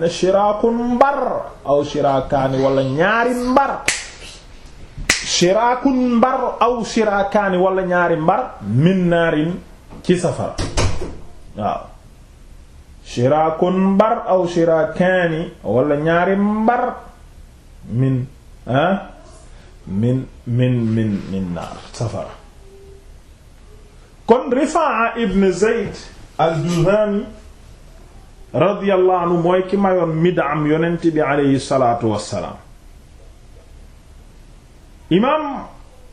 S1: ne shiraakun mbar aw shiraakaani walla ñaari mbar shiraakun mbar aw shiraakaani walla ñaari mbar min naarin ci safara shiraakun mbar aw shiraakaani wala ñaari mbar min ah min min min min naar safara kon rifaa ibn zeyd al-juhani radiyallahu anhu mooy ki mayoon midam yonent bi aleyhi salaatu wassalaam imaam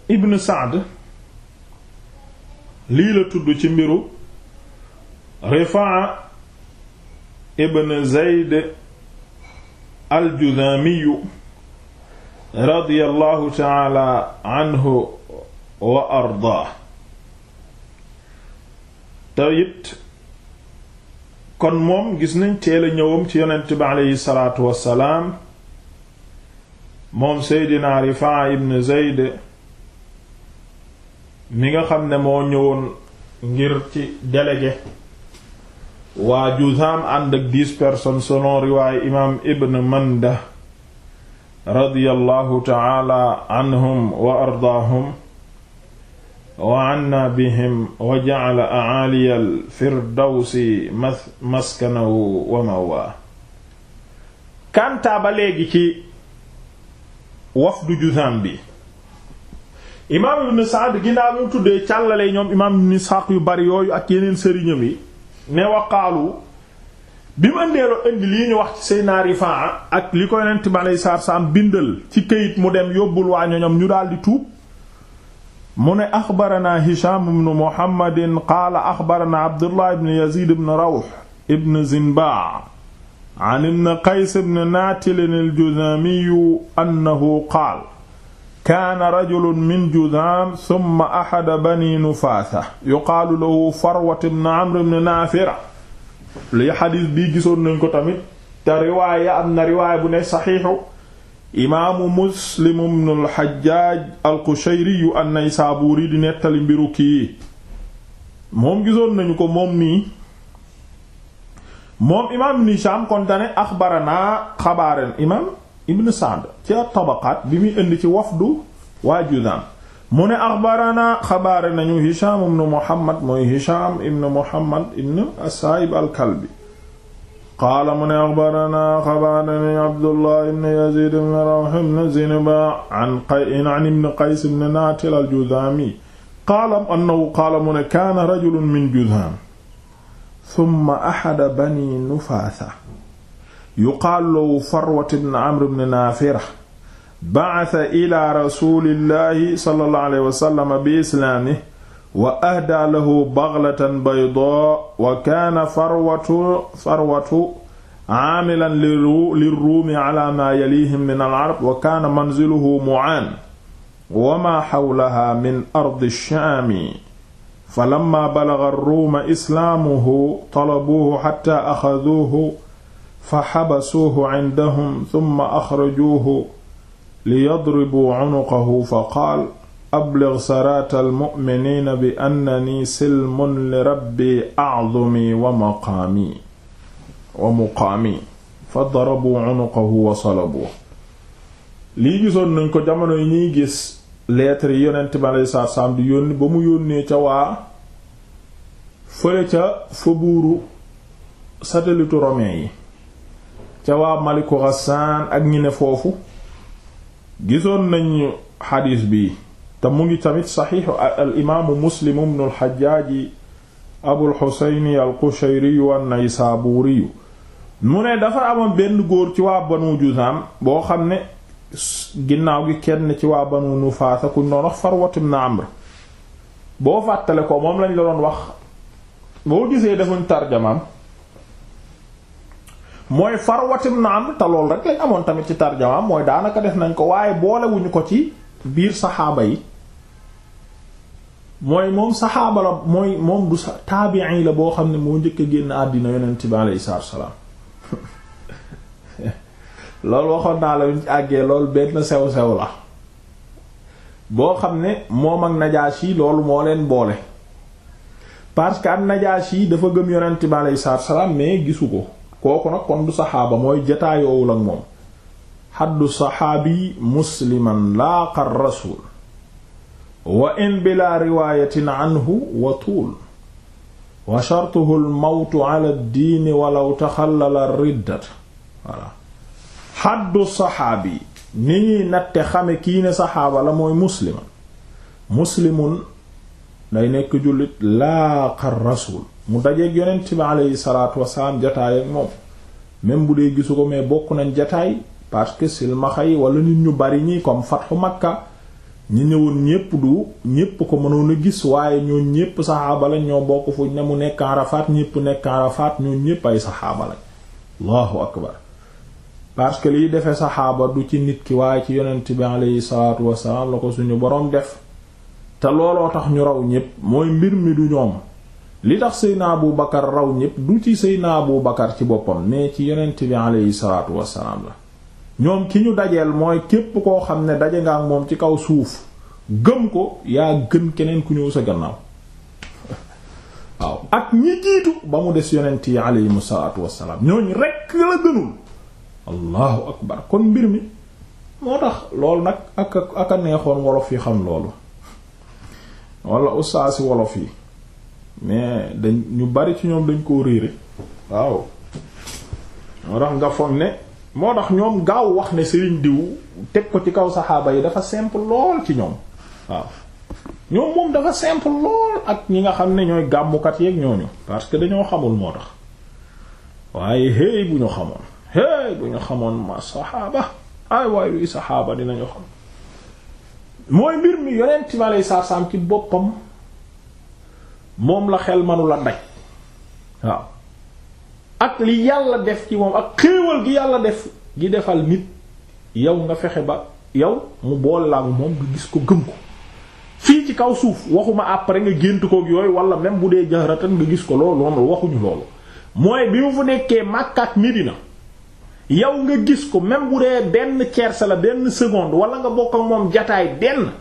S1: ibn saad lii la tudd ci mbiru rifaa ibn Zayd al-Juzaamiyu radiyallahu taala anhu wa ardaa tayit kon moom gis nañ teel a ñëwam ci yonent bi aleyhi salaatu wassalaam moom seydina Rifaa ibn Zayd mi nga xam ne moo ñëwoon ngir ci délégué waa Juzaam ànd ak dix personnes selon riwaaya imaam Ibn Manda radiyallahu ta'ala anhum wa ardaahum wa anna bihim wa ja'ala a'aaliya al-firdawsi maskanahu wa mawaa kantaa ba léegi ci wafdu Juzaam bi imaam Ibn Sa'd ginnaaw mu tuddee càllale ñoom imaam Ibn Isxaaq yu bari yooyu ak yeneen sëriñam yi ne waqaalu bi mu ëndeeloo indi lii ñu wax ci Seydina Rifaa ak li ko yonent bi aleyhi salaatu bindal ci këyit mu dem yóbbul waa ñu ñu di tuub mu ne axbarana Hisham ibn Muhammad qaala axbarana Abdullah ibn Yazid ibn Rawh ibn Zinbaa an ibn Qays ibn Naatil al-Juzaami annahu qaala kaana rajulun min judaam summa ahada bani nufaasa yuqaalu lahu farwat ibn amr ibn naafira li xadiis bii gisoon nañ ko tamit te riwaaya am na riwaaya bu ne saxiixu imaamu muslim ibn al-xajjaaj al-qushayri an-naysaabuuri di nettali mbiru kii moom gisoon nañu ko moom nii moom imaam ibn hishaam kon dane axbaranaa xabaaren imaam ibn Sa'd ci at-Tabaqaat bi muy indi ci wafdu waa Juzaam mu ne axbarana xabaare nañu Hisham ibn Muhammad mooy Hisham ibn Muhammad ibn As-Sa'ib al-Kalbi qaala mu ne axbarana xabaare nañu Abdullah ibn Yazid ibn Rawh ibn Zinba an ibn Qays ibn Natil al-Juzaami qaala annahu qaala mu ne kaana rajulun min Juzaam thumma ahada bani Nufaatha yuqaalu lahu farwat ibn amr ibn naafira ba'atha ila rasulillahi sallallahu alayhi wa sallam bi islaamihi wa ahdaa lahu baghlatan baydaa wa kaana farwatu farwatu aamilan lirruumi ala maa yaliihim min al-arab wa kaana manziluhu mu'aan wa maa hawlahaa min ardi shaami falammaa balagha ar-ruuma islaamuhu talabuuhu hattaa axaduuhu fa xabasuuhu cindahum summa axrajuuhu liyadribuu cunuqahu fa qaal ablig saraata almu'miniina bi annani silmun li rabbi acdumi wa maqaami wa muqaami fa darabuu cunuqahu wa salabuuhu lii gisoon nañ ko jamono yi ñuy gis lettre yi yonent bi aleyhi salaatu salaam di yónni ba mu yónnee ca waa fële ca fa buuru satellite romain yi ca waa maliku Ghassan ak ñi ne foofu gisoon nañu xadiis bi te mu ngi tamit saxiixu al imaamu muslim ibnu al xajjaaji abul xuseyni al qushayriyu an naysaabuuriyu mu ne dafa amoon benn góor ci waa banu juzaam boo xam ne ginnaaw gi kenn ci waa banu nufaasa kuñ doon wax farwat ibn amr boo fàttale ko moom lañ la doon wax boo gisee defuñ tarjamaam mooy Farwat ibn Amr te loolu rek lañ amoon tamit ci tarjamaam mooy daanaka def nañ ko waaye boolewuñu ko ci biir saxaaba yi mooy moom saxaaba la mooy moom du taabi'i la boo xam ne moo njëkk génn àddina yonent bi alayhi salaatu wa salaam (laughs) loolu waxoon la ci àggee loolu benn sew la boo xam ne moom ak Najaashi loolu moo leen boole parce que am Najaashi dafa gëm yonent bi alayhi salaatu wa mais gisu ko. kooku nag du saxaaba mooy jataayoowul ak moom xaddu saxaabi musliman laaqa rasul wa in bila riwaayatin anhu wa tuul wa shartuhu lmawtu ala ddiini walaw taxallala riddat voilà xaddu saxaabi ni ñuy natte xame kii saxaaba la mooy musliman muslimun day nekk jullit laaqa rasul mu dajeeg yonent bi aleyhi salaatu wasalaam jataay ak moom même bu dee gisu ko mais bokk nañ jataay parce que silmaxa yi wala nit ñu bari ñi comme fatxu makka ñi ñëwoon ñépp du ñépp ko mënoon gis waaye ñoo ñépp saxaaba lañ ñoo bokk fuñ ne mu nekk Arafat ñépp nekk Arafat ñoo ñépp ay saxaaba lañ allahu akbar parce que liy defee saxaaba du ci nit ki waaye ci yonent bi aleyhi salaatu la ko suñu boroom def te looloo tax ñu raw ñépp mooy mbir mi du ñoom li tax Seydina Abu Bakar raw ñépp du ci sëy Seydina Abu Bakar ci boppam mais ci yonent bi aleyhi salaatu wassalaam la ñoom ki ñu dajeel mooy képp koo xam ne daje nga ak moom ci kaw suuf gëm ko yaa gën keneen ku ñëw sa gannaaw (laughs) waaw ak ñi jiitu ba mu des yonent yi aleyhimu salaatu wassalaam ñooñ rekk la gënul allahu akbar kon mbir mi moo tax loolu nag ak ak a neexoon wolof yi xam loolu walla si wolof yi mais dañ ñu bari ci ñoom dañ koo réere waaw moo tax nga foog ne moo tax ñoom gaaw wax ne sëriñ diw teg ko ci kaw saxaaba yi dafa simple lool ci ñoom waaw ñoom moom dafa simple lool ak ñi nga xam ne ñooy gàmmukat yeeg ñooñu parce que dañoo xamul moo tax waaye hey bu ñu xamoon hey bu ñu xamoon ma saxaaba ay waaye saxaaba dinañu xam mooy mbir mi yonent mi aleyhi salaam ci boppam moom la xel manula ndaj waaw ak li yàlla def ci moom ak xéewal gi yàlla def gi defal nit yow nga fexe ba yow mu boole laa moom nga gis ko gëm ko fii ci kaw suuf waxuma après nga gént koog yooyu wala même bu dee jaxaratan nga gis ko loolu waxuñu loolu mooy bi mu fu nekkee Makka ak Medina yow nga gis ko même bu dee benn tiers la benn seconde wala nga bokk moom jataay benn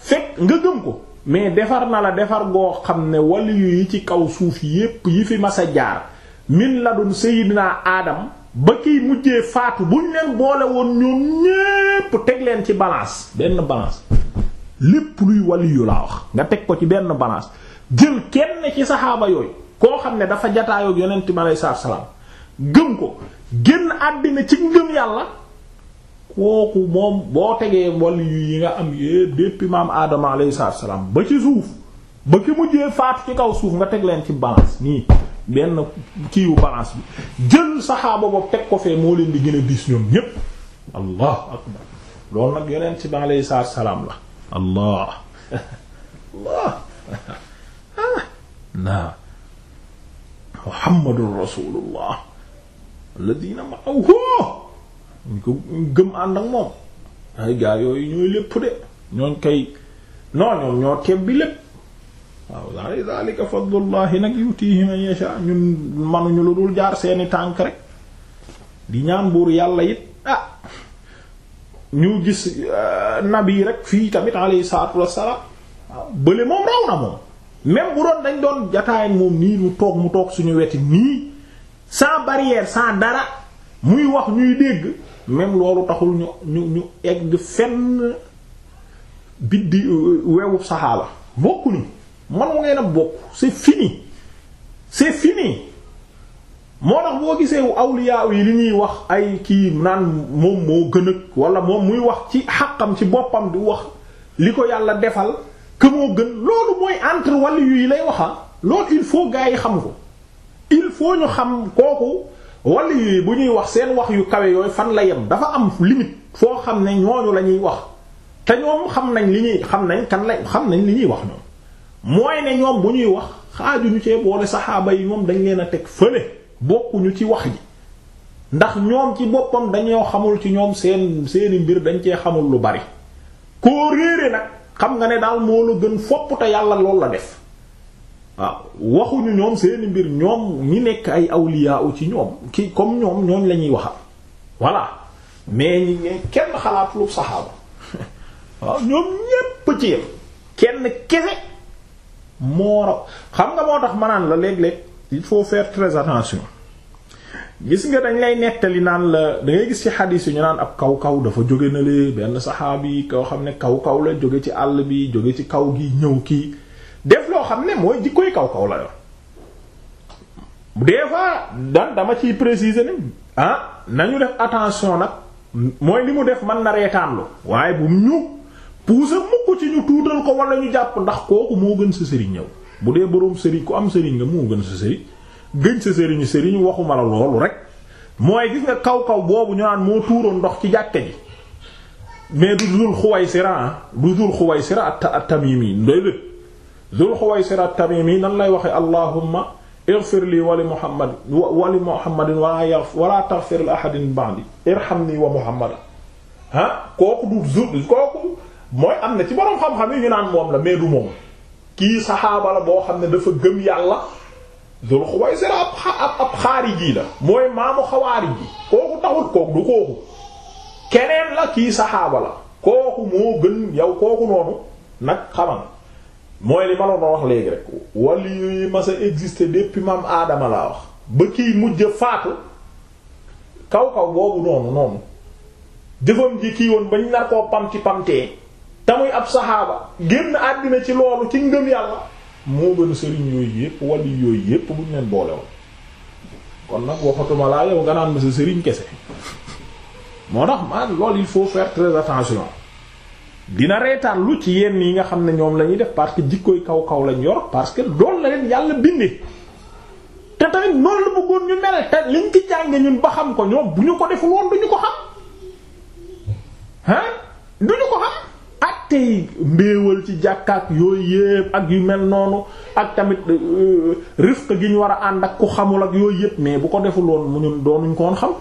S1: fekk nga gëm ko mais defar na la defar goo xam ne waliyu yi ci kaw suuf yépp yi fi mas a jaar min la dun sayidina aadam ba kiy mujjee faatu buñ leen boole woon ñoom ñépp teg leen ci balance benn balance lépp luy waliyu laa wax nga teg ko ci benn balance jël kenn ci saxaaba yooyu koo xam ne dafa jataayoo yonent mi aleyhi salaatu salaam gëm ko génn àddina ci ngëm yàlla kooku moom boo tegee yu yi nga am yépp depuis maam aadama alayhi salaam ba ci suuf ba ki mujjee faatu ci kaw suuf nga teg leen ci balance nii benn kiiwu balance bi jël saxaaba boobu teg ko fee moo leen di gën a diis ñoom ñépp allah akbar loolu nag yonent ci bi alayhi salaam la allah allah (laughs) na muhammadur rasulullah alladina ma'ahu ñu ko gëm ànd ak moom ay gaa yooyu ñooy lépp de ñooñ kay non ñoom ñoo teeb bi lépp waaw daal daalika fadlullahi nag yutihi man yasha ñun manuñu lu dul jaar seeni tànk rek di ñaan buur yàlla it ah ñu gis euh, nabi rek fii tamit alayhi salaatu wassalaam waaw bële moom raw na moom même bu doon dañ doon jataay moom nii mu toog mu toog suñu weti nii sans barrière sans dara muy wax ñuy dégg même loolu taxul ñu ñu ñu egg fenn biddi euh, weewu saxaaba bokkuñu manu ngeen a bokk c'est fini c'est fini moo tax boo gisee awliya yi li ñuy wax ay kii naan moom moo gën ak wala moom muy wax ci xaqam ci boppam du wax li ko yàlla defal que moo gën loolu mooy entre wàllu yu yi lay waxa ah. loolu il faut gaa yi xam ko il faut ñu xam kooku wala yi bu ñuy wax seen wax yu kawe yooyu fan la yem dafa am limite foo xam ne ñooñu la ñuy wax te ñoom xam nañ li ñuy xam nañ kan la xam nañ li ñuy wax ñoom mooy ne ñoom bu ñuy wax xaajuñu cee boole saxaaba yi moom dañ leen a teg fële bokkuñu ci wax ji ndax ñoom ci boppam dañoo xamul ci ñoom seen seeni mbir dañ cee xamul lu bari koo réere nag xam nga ne daal moo la gën fopp te yàlla lool la def waaw waxuñu ñoom seeni mbir ñoom ñi nekk ay awliya ci ñoom ki comme ñoom ñooñ lañuy ñuy waxal voilà mais ñi ne kenn xalaat lu saxaaba (laughs) waaw ñoom ñépp ci yem kenn kese moo raw xam nga moo tax manaan la léeg-léeg il faut faire très attention gis nga dañ lay nettali naan la da ngay gis ci xadiis yi ñu naan ab kaw-kaw dafa jóge na lee benn saxaabi koo xam ne kaw-kaw la jóge ci àll bi jóge ci kaw gi ñëw kii def loo xam ne mooy jikkoy kaw kaw la yoon des fois dan dama ciy préciser ni ah nañu def attention nag mooy li mu def man na reetaanlu waaye bu ñu puusa mukk ci ñu tuutal ko wala ñu jàpp ndax kooku moo gën sa sëriñ ñëw bu dee boroom sëriñ ku am sëriñ nga moo gën sa sëriñ gën sa sëriñu sëriñ waxuma la loolu rek mooy gis nga kaw kaw boobu ñu naan moo tuuroon ndox ci jàkka ji mais du dul xuway sira du dul xuway sira at tamimi ndoy lët Zul Xuwaysira Tamimi nan lay waxe allahumma ighfir li wa li Muhammad wa li Muhammadin wala taghfir li ahadin ba'di irhamni wa Muhammadan kooku du Zul kooku mooy am na ci boroom xam-xam yi ñu naan moom la mais du moom kii saxaaba la boo xam ne dafa gëm yàlla Zul Xuwaysira ab ab xaariji la mooy maamu xawaariji kooku taxul kooku du kooku keneen la kii saxaaba la kooku moo gën yow kooku noonu nag xamal mooy li ma la wax léegi rek wàll yooyu mas a existé depuis maam aadama laa wax ba kiy mujj faatu kaw kaw boobu noonu noonu jëfam ji kii woon bañ nar koo pamti pamtee te ab saxaaba génn àdduna ci loolu ci ngëm yàlla moo gën sëriñ yooyu yépp wàll yooyu yépp buñ leen boole woon kon nag waxatuma laa yow nga naan ma sa sëriñ kese moo tax man loolu il faut faire très attention dina reetaan lu ci yenn yi nga xam ne ñoom la def parce que jikkooy kaw kaw lañ yor parce que doon na leen yàlla bindee te tamit noonu la bëggoon ñu mel te liñ ci jànge ñun ba xam ko ñoom bu ñu ko deful woon du ñu ko xam ah du ñu ko xam ak tey mbéewal ci jàkkaak yoo yëpp ak yu mel noonu ak tamit euh, rifq gi ñu war a ànd ak ku xamul ak yooyu yëpp mais bu ko deful woon mu ñun doonuñ ko xam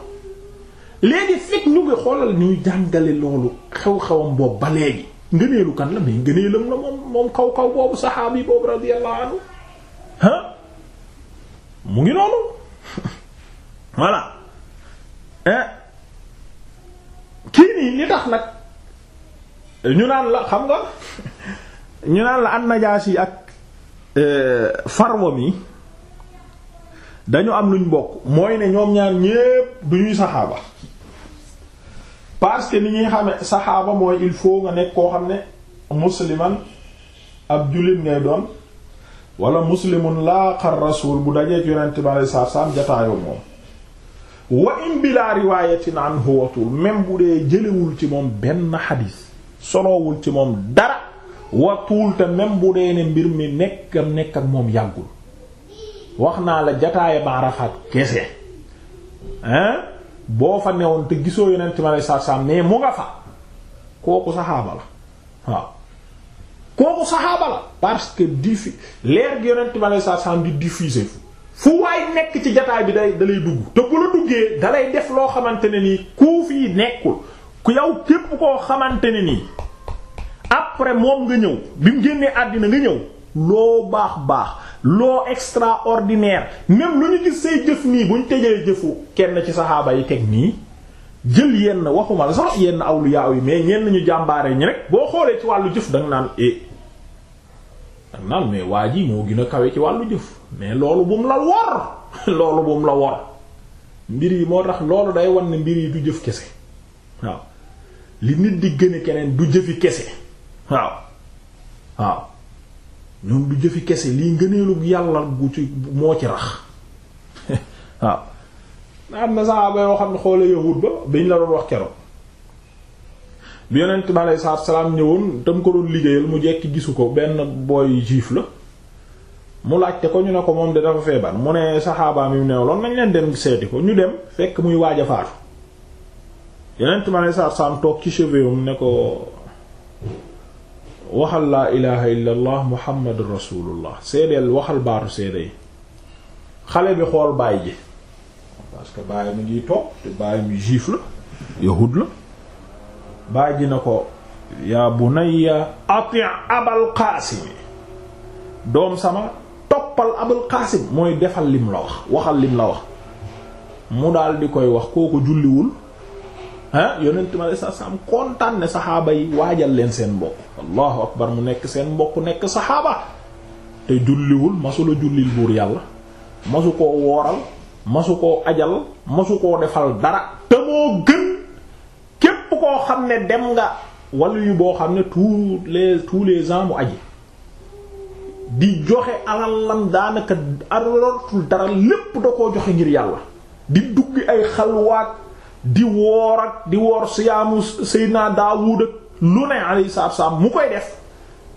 S1: léegi fekk ñu ngi xoolal ñuy jàngale loolu xew-xewam boobu ba léegi ngëneelu kan la mais ngëneelam la moom moom kaw kaw boobu saxaabi boobu radiyallahu anhu ah mu ngi noonu (laughs) voilà eh? kii nii li tax nag ñu naan la xam nga (laughs) ñu naan la an-Najaasi ak eh, Farwa mi dañu am luñ bokk mooy ne ñoom ñaar ñépp duñuy saxaaba parce que ni ñuy xame saxaaba mooy il faut nga nekk koo xam ne musliman ab jullit ngay doon wala muslimun laaqar rasul bu dajee ci yonente bi alei satu salaam jataayoo moom wa in bila riwayatin anhu watul même bu dee jëlewul ci moom benn xadis solowul ci moom dara watul te même bu dee ne mbir mi nekkam nekk ak moom yàggul wax naa la jataaya ba Arafat kese hein boo fa newoon te gisoo yonent mi alayhi salaatu mais mu nga fa kooku saxaaba la waaw kooku saxaaba la parce que diffi leer gi yonent mi alayhi salaatu salaam di diffuser fu waay nekk ci jataay bi day dalay dugg te bu la duggee dalay def loo xamante ne nii ku fii nekkul ku yow képp koo xamante ne nii après moom nga ñëw bi mu génnee àddina nga ñëw loo baax baax loo extraordinaire même lu ñu gis say jëf nii buñ tegee jëfu kenn ci saxaaba yi teg nii jël yenn waxuma la sax yenn awliyaaw yi mais ñenn ñu jàmbaare ñi rek boo xoolee ci wàllu jëf danga naan e danga naan mais waa ji moo gën a kawe ci wàllu jëf mais loolu bu mu la wor (laughs) loolu bu mu la wor mbir yi moo tax loolu day wan mbir yi du jëf kese waaw li nit di gën a keneen du jëfi kese waaw waaw ñoom du jëfi kese lii ngëneelu yàlla gu ci moo ci rax waaw (laughs) ah. am na saxaaba yoo xam ne xoola yahud ba biñ la doon wax keroog bi yonent bi aleyhi salaatu salaam ñëwoon tam ko doon liggéeyal mu jekki gisu ko benn booy juif la mu laajte ko ñu ne ko moom de dafa feebar mu ne saxaaba mi neewloon nañ leen dem seeti ko ñu dem fekk muy waaj a faatu yonent bi aleyhi salaatu salaam toog ci chevet ne ko waxal laa ilaha illa allah rasulullah seedeel waxal baatu seede yi xale bi xool baay ji parce que baay mi ngiy toog te baay mi juif la yahud la baay ji na ko yaa bunayya ati abal qaasim doom sama toppal abal qaasim mooy defal lim la wax waxal lim la wax mu daal di koy wax kooku julliwul ah yonent ma sa sam kontaan ne saxaaba yi waajal leen seen mbokk allahu akbar mu nekk seen mbokk nekk saxaaba te julliwul masula jullil buur yàlla masu koo wooral masu koo ajal masu koo defal dara te moo gën képp koo xam ne dem nga wàllu yu boo xam ne tous les tous les ans aji di joxe alalam daanaka arortul dara lépp da koo joxe ngir yàlla di dugg ay xalwaat di woor ak di woor siyaamu Seydina Daawud ak lu ne alayhi salaatu mu koy def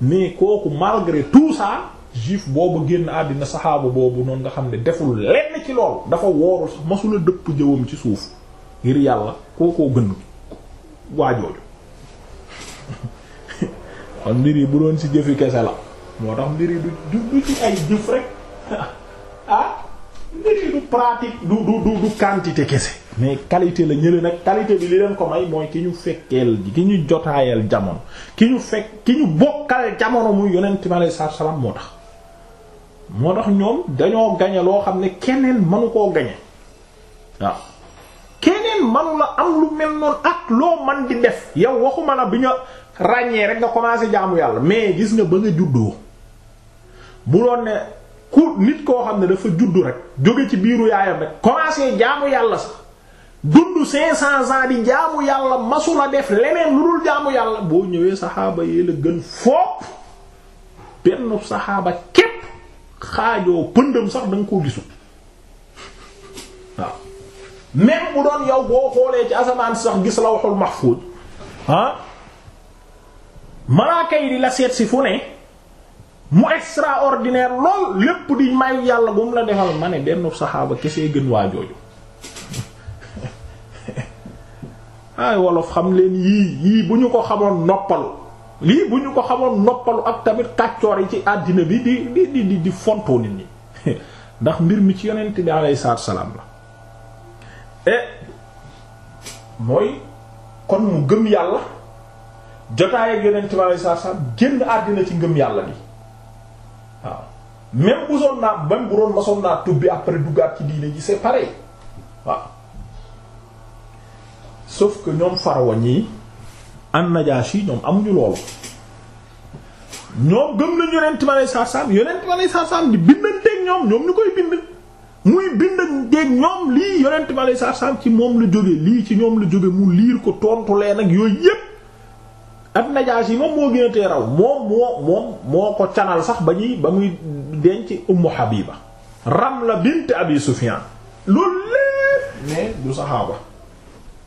S1: mais kooku malgré tout ça juif boobu génn àddina saxaaba boobu noonu nga xam ne deful lenn ci loolu dafa woorul sax masula dëpp jëwam ci suuf ngir yàlla kookoo gën waajooju (laughs) kon mbir yi bu doon ci jëfi kese la moo tax mbir yi du du ci ay jëf rek (laughs) ah, mbiri du pratique du du du quantité kese mais qualité la ñële nag qualité bi li leen ko may mooy ki ñu fekkeel ñu jotaayal jamono ki ñu ki ñu bokkal jamono muy yonent mi alayhi salaatu salaam moo tax ñoom dañoo gañe loo xam ne keneen mënu koo gañe waaw keneen mënu la am lu mel noonu ak loo man di def yow waxuma la bi nga ràññee rek nga commencé jaamu yàlla mais gis nga ba nga juddoo bu doon ne ku nit koo xam ne dafa juddu rek jóge ci biiru yaayam rek commencé jaamu yàlla sax dund 500 ans di jaamu yàlla masula def leneen lu dul jaamu yàlla boo ñëwee saxaaba yee la gën foop benn saxaaba képp xaajoo pëndam sax da nga koo waaw même bu doon yow boo xoolee ci asamaan sax gis la waxul mahfuz ah malaaka yi di la seet si fu ne mu extraordinaire lool lépp di may yàlla bu mu la defal ma ne benn saxaaba kesee gën waa jooju (laughs) ay wolof xam leen yii yii bu ñu ko xamoon noppalu lii bu ñu ko xamoon noppalu ak tamit kàccoor yi ci àddina bi di di di di fontoo nit ñi (laughs) ndax mbir mi ci yonent bi alayhi salaatu salaam la e mooy kon mu gëm yàlla jotaay ak yonent bi alayhi salaatu salaam génn àddina ci ngëm yàlla bi waaw même bu son naa bu doon ma son naa tubbi après duggaat ci diine ji c'est pareil waaw sauf que ñoom Farwa ñii an yi ñoom amuñu loolu ñoom gëm nañ yonent ma lay sarsam yonent ma lay sarsam di bindanteeg ñoom ñoom ñu koy bind muy bindanteeg ñoom lii yonent ma lay sarsam ci moom la jóge lii ci ñoom la jóge mu liir ko tontu leen ak yooyu yépp ak Najaasi yi moom moo gën raw moom moo moom moo ko canal sax ba ñuy ba muy denc Ummu Habiba Ramla bint Abi Sufyaan loolu lépp mais du saxaaba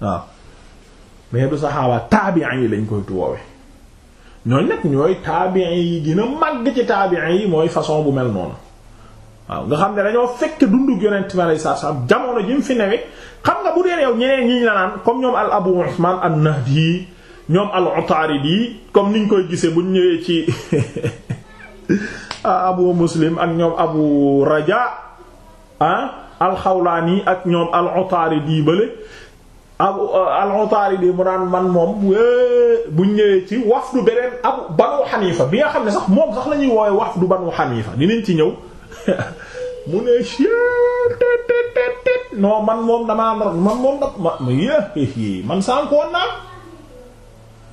S1: waaw mais du saxaaba taabiin yi lañ koy tuwoowe ñooñ nag ñooy taabiin yi gën a màgg ci taabiin yi mooy façon bu mel noonu waaw nga xam ne dañoo fekke dundug yonent mi alayhi salaatu jamono ji mu fi newee xam nga bu dee yow ñeneen ñi ñu naan comme ñoom al Abu Usmaan an-Nahdi ñoom al-Utaaridi comme niñ koy gisee buñ ñëwee ci (laughs) ah, Abu Muslim ak ñoom Abu Raja ah al ak ñoom al-Utaaridi bële abu uh, al-Utaaridi mu naan man moom buñ ñëwee ci wafdu beneen abu Banu Xaniifa bi nga xam ne sax moom sax la ñuy woowee wafdu Banu Xaniifa dinañ ci ñëw (laughs) mu ne non man moom damaa man moom da ma man sànkoon naa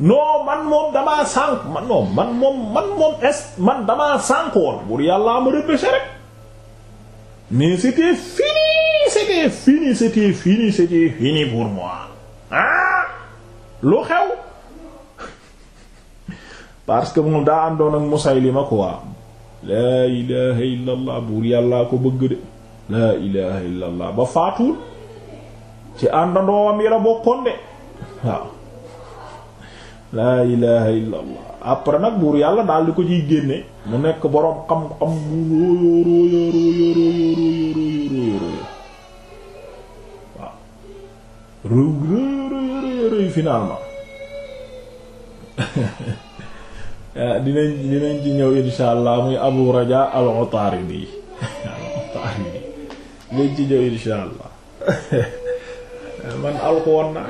S1: non man moom damaa sànk man non man moom man moom est man damaa sànk woon buur yàllaa ma repêché rek mais c'était fini c'était fini c'était fini c'était fini pour moi ah lu xew (laughs) parce que moom daa àndoon ak Musaylima quoi laa ilaha illa buur yàllaa ko bëgg de laa ilaha illa ba faatuwul ci àndandoowam yi la bokkoon de waaw laa ilaha illa allah après nag buur yàlla daal di ko ciy génne mu nekk boroom xam-xam bu yóoróo yóoróo yóoróo yóoróo yóoróo yóoróo yóoróo waaw réw rérérérëy finalement (laughs) eh, dinañ dinañ ci ñëw insha allah muy abu raja al-Utaridi (laughs) al-Utaridi dinañ ci ñëw insha allah (laughs) eh, man alxu woon naa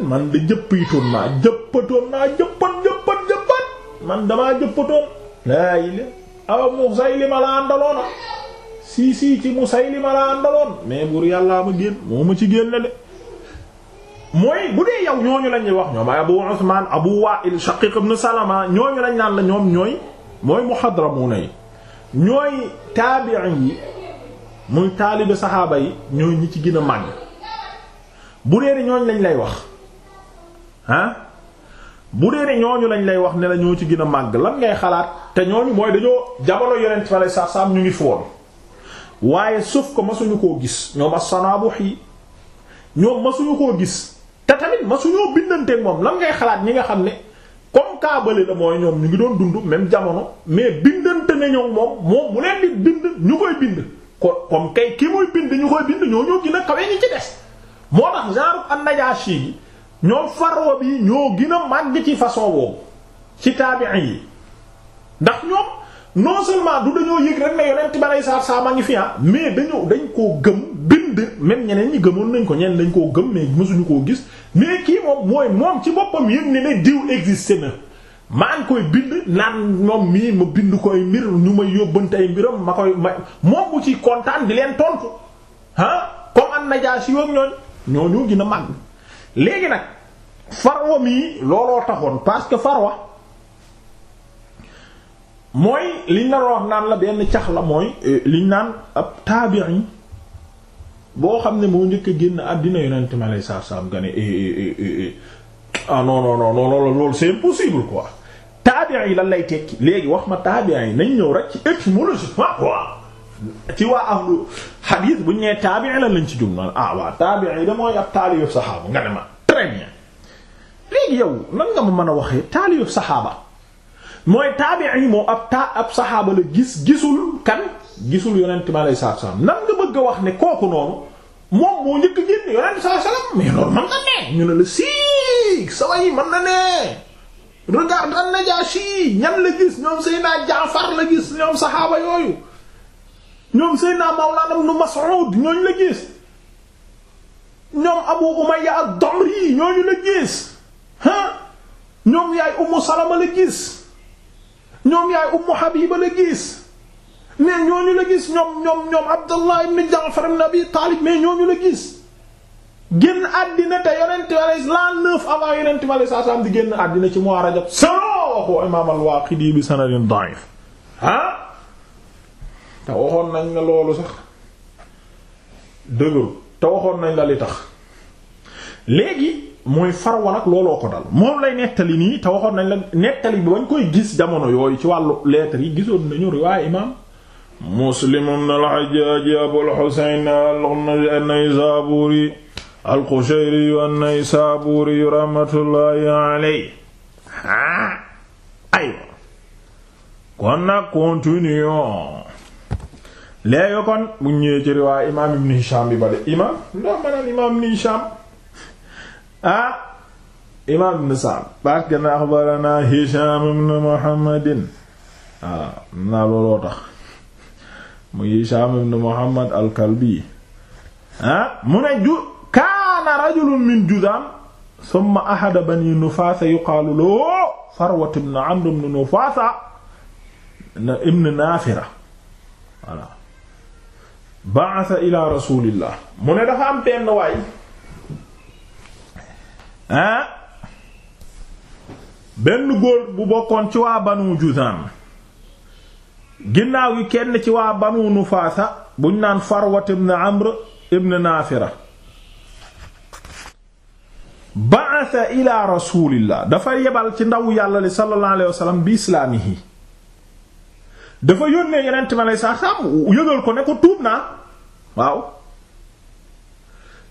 S1: man bi jëppiitoon naa jëppatoon naa jëppat jëppat jëppat man damaa jëppatoon laa ila aw Musaylima la àndaloona si si ci Musaylima la àndaloon mais buur yàllaa ma génn moo ma ci génne de mooy bu dee yow ñooñu lañ ñuy wax ñoom ay Abu Usman Abu Wa'il Shaqiq ibn Salama ñooñu lañ la ñoom ñooy mooy muhadramuna yi ñooy taabi'in yi muy taalibe saxaaba yi ñooy ñi ci gën a bu dee ñooñ lañ lay wax ah bu dee ne ñooñu lañ lay wax ne la ñoo ci gën a màgg lan ngay xalaat te ñooñu mooy dañoo jamono yonent fa lay sax saam ñu ngi fi woon waaye suuf ko masuñu koo gis ñoom as sonaabu yi ñoom masuñu koo gis te tamit masuñoo bindanteeg moom lan ngay xalaat ñi nga xam ne comme kaa bële la mooy ñoom ñu ngi doon dund même jamono mais bindante na ñoom moom moom mu leen di bind ñu koy bind ko comme kay ki muy bind ñu koy bind ñoo ñoo gën a kawe ñi ci des ñoom faroo bi ñoo gina a màgg ci façon boobu ci taabi'i yi ndax ñoom non seulement du dañoo yëg rek ne yonent ba lay saar saa ma ngi fi ah mais dañoo dañ koo gëm bind même ñeneen ñi gëmoon nañ ko ñeneen dañ koo gëm mais mësuñu koo gis mais kii moom mooy moom ci boppam yëg ne ne diw existé na. maan koy bind naan ñoom mii ma bind ko ay mbir ñu may yóbbante ay mbiram ma koy ma moom mu ci kontaan di leen tontu ah comme an Najaashi yoog ñooñ ñooñu gën a màgg léegi nag farwa mii looloo taxoon parce que farwa mooy liñ la wax naan la benn cax la mooy euh, liñ naan ab taabi'i boo xam ne moo njëkk a génn àddina yonent ma lay saar saam nga ne eh, eh, eh, ah non non non non loolu c'est impossible quoi taabi'i lan lay tekki léegi wax ma taabi'i nañ ñëw rek ci étymologiquement quoi ci waa ahlu hadith bu ñu nee taabi'i lan lañ ci jum noonu ah waa taabi'i da mooy ab taalibu saxaaba nga ne ma très léegi yow nan nga ma mën a waxee taalibu saxaaba mooy taabi'i moom ab ta ab saxaaba la gis gisul kan gisul yonent mi alayhi salaatu salaam nan nga bëgg wax ne kooku noonu moom moo njëkk a génn yonent salaatu salaam mais man nga ne ñu ne la sii saway man na ne. regarde an-Najashi ñan la gis ñoom Seydina Jaafar la gis ñoom saxaaba yooyu ñoom Seydina Mawlana Ibn Mas'ud ñooñu la gis ñoom Abu Umayya ad-Damri ñooñu la gis ah ñoom yaay Ummu Salama la gis ñoom yaay Ummu Habiba la gis mais ñooñu la gis ñoom ñoom ñoom Abdallah ibn Ja'far ibn Abi Talib mais ñooñu la gis génn àddina te yonent wala l'an neuf avant yonent wala saa saa di génn àddina ci mois Rajab. soo waxu imaam al bi sanadin da'if ah. te waxoon nañ la loolu sax dëgëru te waxoon nañ la li tax léegi mooy farwa nag looloo ko dal moom lay nettali nii te waxoon nañ la nettali bi bañ koy gis jamono yooyu ci wàllu lettre yi gisoon nañu riwaaya imaam Muslim ibn al-Hajjaj Abul Husayn an-Naysaburi al-Qushayri an-Naysaburi rahmatullahi kon nag continuons léegi kon bu imaam ibn Hisham bi bale imaam ndax manaan imaam ibn Hisham ah, ibn Sa'd parce que ibn Muhammadin ah, ibn Muhammad al-Kalbi ah mu ne ju kaana rajulun min Juzaam thumma ahada bani ibn Amr ibn Nufaasa ibn Naafira ba'atha ila rasulillah mu ne dafa am benn waay ah benn góor bu bokkoon ci waa banu Juzaam ginnaaw gi kenn ci waa banu Nufaasa buñ naan Farwat ibn Amr ibn Naafira ba'atha ila rasulillah dafa yebal ci ndaw yàlla li sallallahu alayhi wasallam bi islaamihi dafa yónnee yonent ma lay saa saam yëgal ko ne ko tuub naa waaw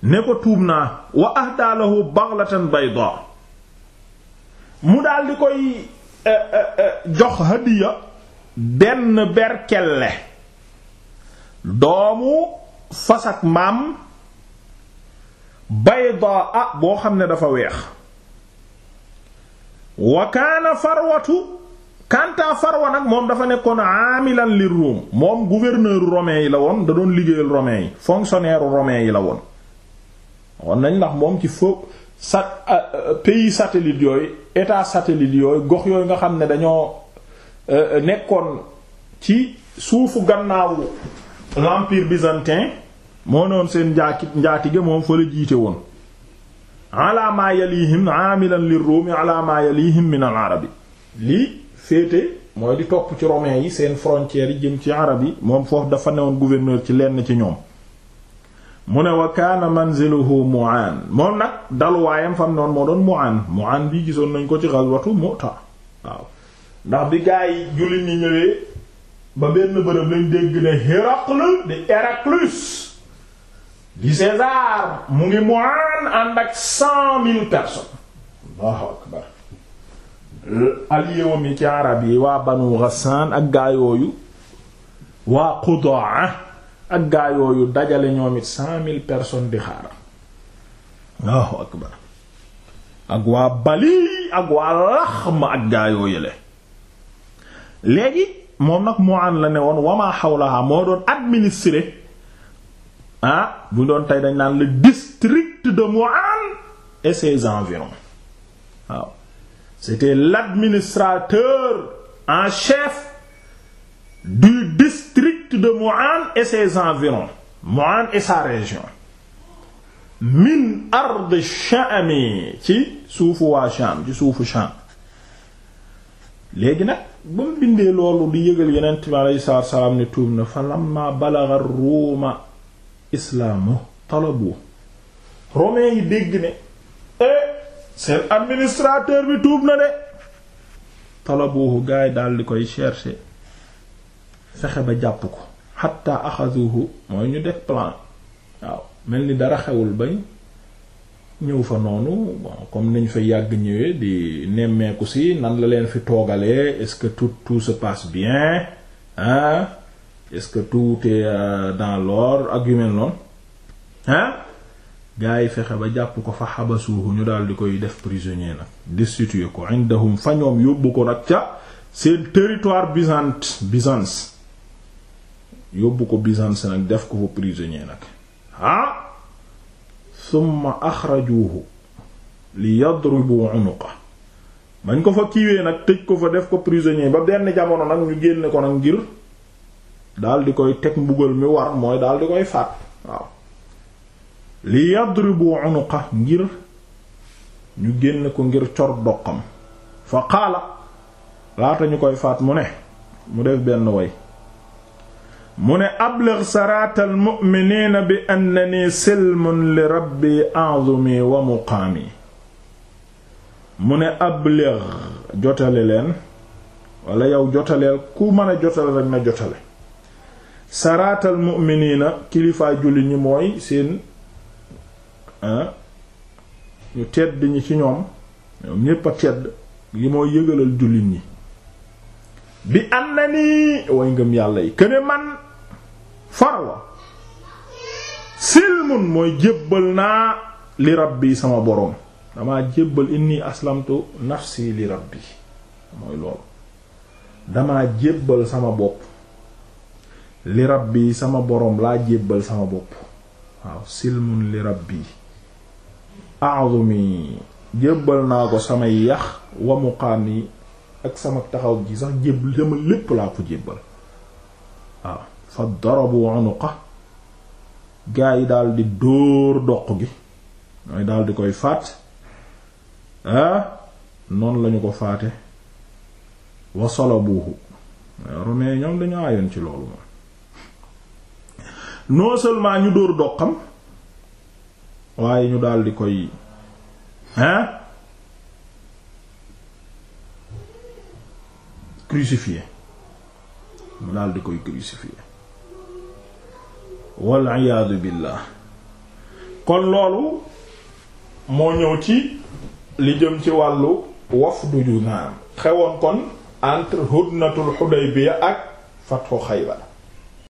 S1: ne ko tuub naa wa ahdaa lahu baghlatan mu daal di koy eh, eh, eh, jox hadiya benn berkelle doomu fasak maam bayda ah boo xam ne dafa weex wa kaana farwatu kanta Farwa nag moom dafa nekkoon aamilan li Ruum moom gouverneur romain yi la woon da doon liggéeyal romain yi fonctionnaire romain yi la woon won nañ ndax moom ci fo sa euh, euh, pays satellite yooyu état satellite yooyu gox yooyu nga xam ne dañoo euh, nekkoon ci suufu gannaawu l'empire byzantin moo noon seen njaaki njaatige moom fa la jiite woon ala ma yalihim aamilan li Ruum ala ma yalihim arabi lii féete mooy di topp ci romains yi seen frontières yi jëm ci arab yi moom foofu dafa newoon gouverneur ci lenn ci ñoom mu ne wa kaana manziluhu Mu'an moom nag dalwaayam fam noonu moo doon Mu'an Mu'an bi gisoon nañ ko ci ghazwatu Mu'ta waaw ndax bi gaa yi jullit ñi ba benn bërëb lañ dégg ne Héraclius di Héraclius di César mu ngi Mu'an ànd ak cent mille personnes Euh, aliyewam yi ci arab yi waa banu Ghassan ak gaayooyu waa Qudaa ak gaayooyu dajale ñoom it cent mille personnes di xaar Allahu akbar ak waa Bali ak waa Laxm ak gaayooyule léegi moom nag moo la ne woon wamaa xawlaha moo doon administrer ah bu doon tey dañ naan le district de Mu'an et ses environs waaw c'était l'administrateur en chef du district de Mou'âne et ses environs Mou'âne et sa région min ard Shami ci suufu waa Sham ci suufu Sham léegi nag ba mu bindee loolu di yëgal yonent bi aleyhi salaatu salaam ne tuub na fa lamma balagha Ruuma islaamu talabu romain yi dégg ne seen administrateur bi tuub na de talabuhu gaay daal di koy chercher fexe ba jàpp ko xatta axaduhu mooy ñu def plan waaw mel ni dara xewul ba ñëw fa noonu comme niñ fa yàgg ñëwee di nemmeeku si nan la leen fi toogalee est-ce que tout tout se passe bien hein est-ce que tout euh, dans l'ordre ak yu mel noonu hein gaa yi fexe ba jàpp ko fa xabasuuhu ñu daal di koy def prisonnier nag destitué ko indahum fa ñoom yóbbu ko nag ca seen territoire byzante byzance yóbbu ko byzance nag def ko fa prisonnier nag ah summa axrajuuhu li yadribu unuqa bañ ko fa kiiwee nag tëj ko fa def ko prisonnier ba benn jamono nag ñu génne ko nag ngir daal di koy teg mbugal mi war mooy daal di koy faat waaw li yadribu unuqa ngir ñu génn ko ngir cor doqam fa qaala laata ñu koy faat mu ne mu def benn way mu ne abligh sarata almu'minina bi annani silmun li rabbi a'zumi wa muqaami mu ne abligh jotale leen walla yow jotaleel ku mën a jotale rek na jotale saraatal mu'minina kilifaay julli ñi mooy seen ñu tedd ñi ci ñoom ñoom ñépp a tedd yi mooy yëgalal jullit ñi bi am na nii way ngëm yàlla yi këne man farwa silmun mooy jébbal naa li rabbi sama boroom damaa jébbal inni aslamtu nafsi li rabbi mooy loolu damaa jébbal sama bopp li rabbi sama boroom laa jébbal sama bopp waaw silmun li rabbi a'zumi jébbal naa ko samay yax wa muqaami ak sama taxaw gi sax jéb sama lépp laa ko jébbal waaw fa darabu unuqa gaa yi daal di dóor doq gi mooy daal di koy faat ah noonu lañu ko faate wa salabuhu romain ñoom dañu aayoon ci loolu moom non seulement ñu dóor doqam waaye ñu daldi koy hein crucifié mu daal koy crucifié wal iyaadu billaah kon loolu moo ñëw ci li jëm ci wàllu wafdu Yunaam xewoon kon entre hudnatul Hudaybiya ak fathu Xaybar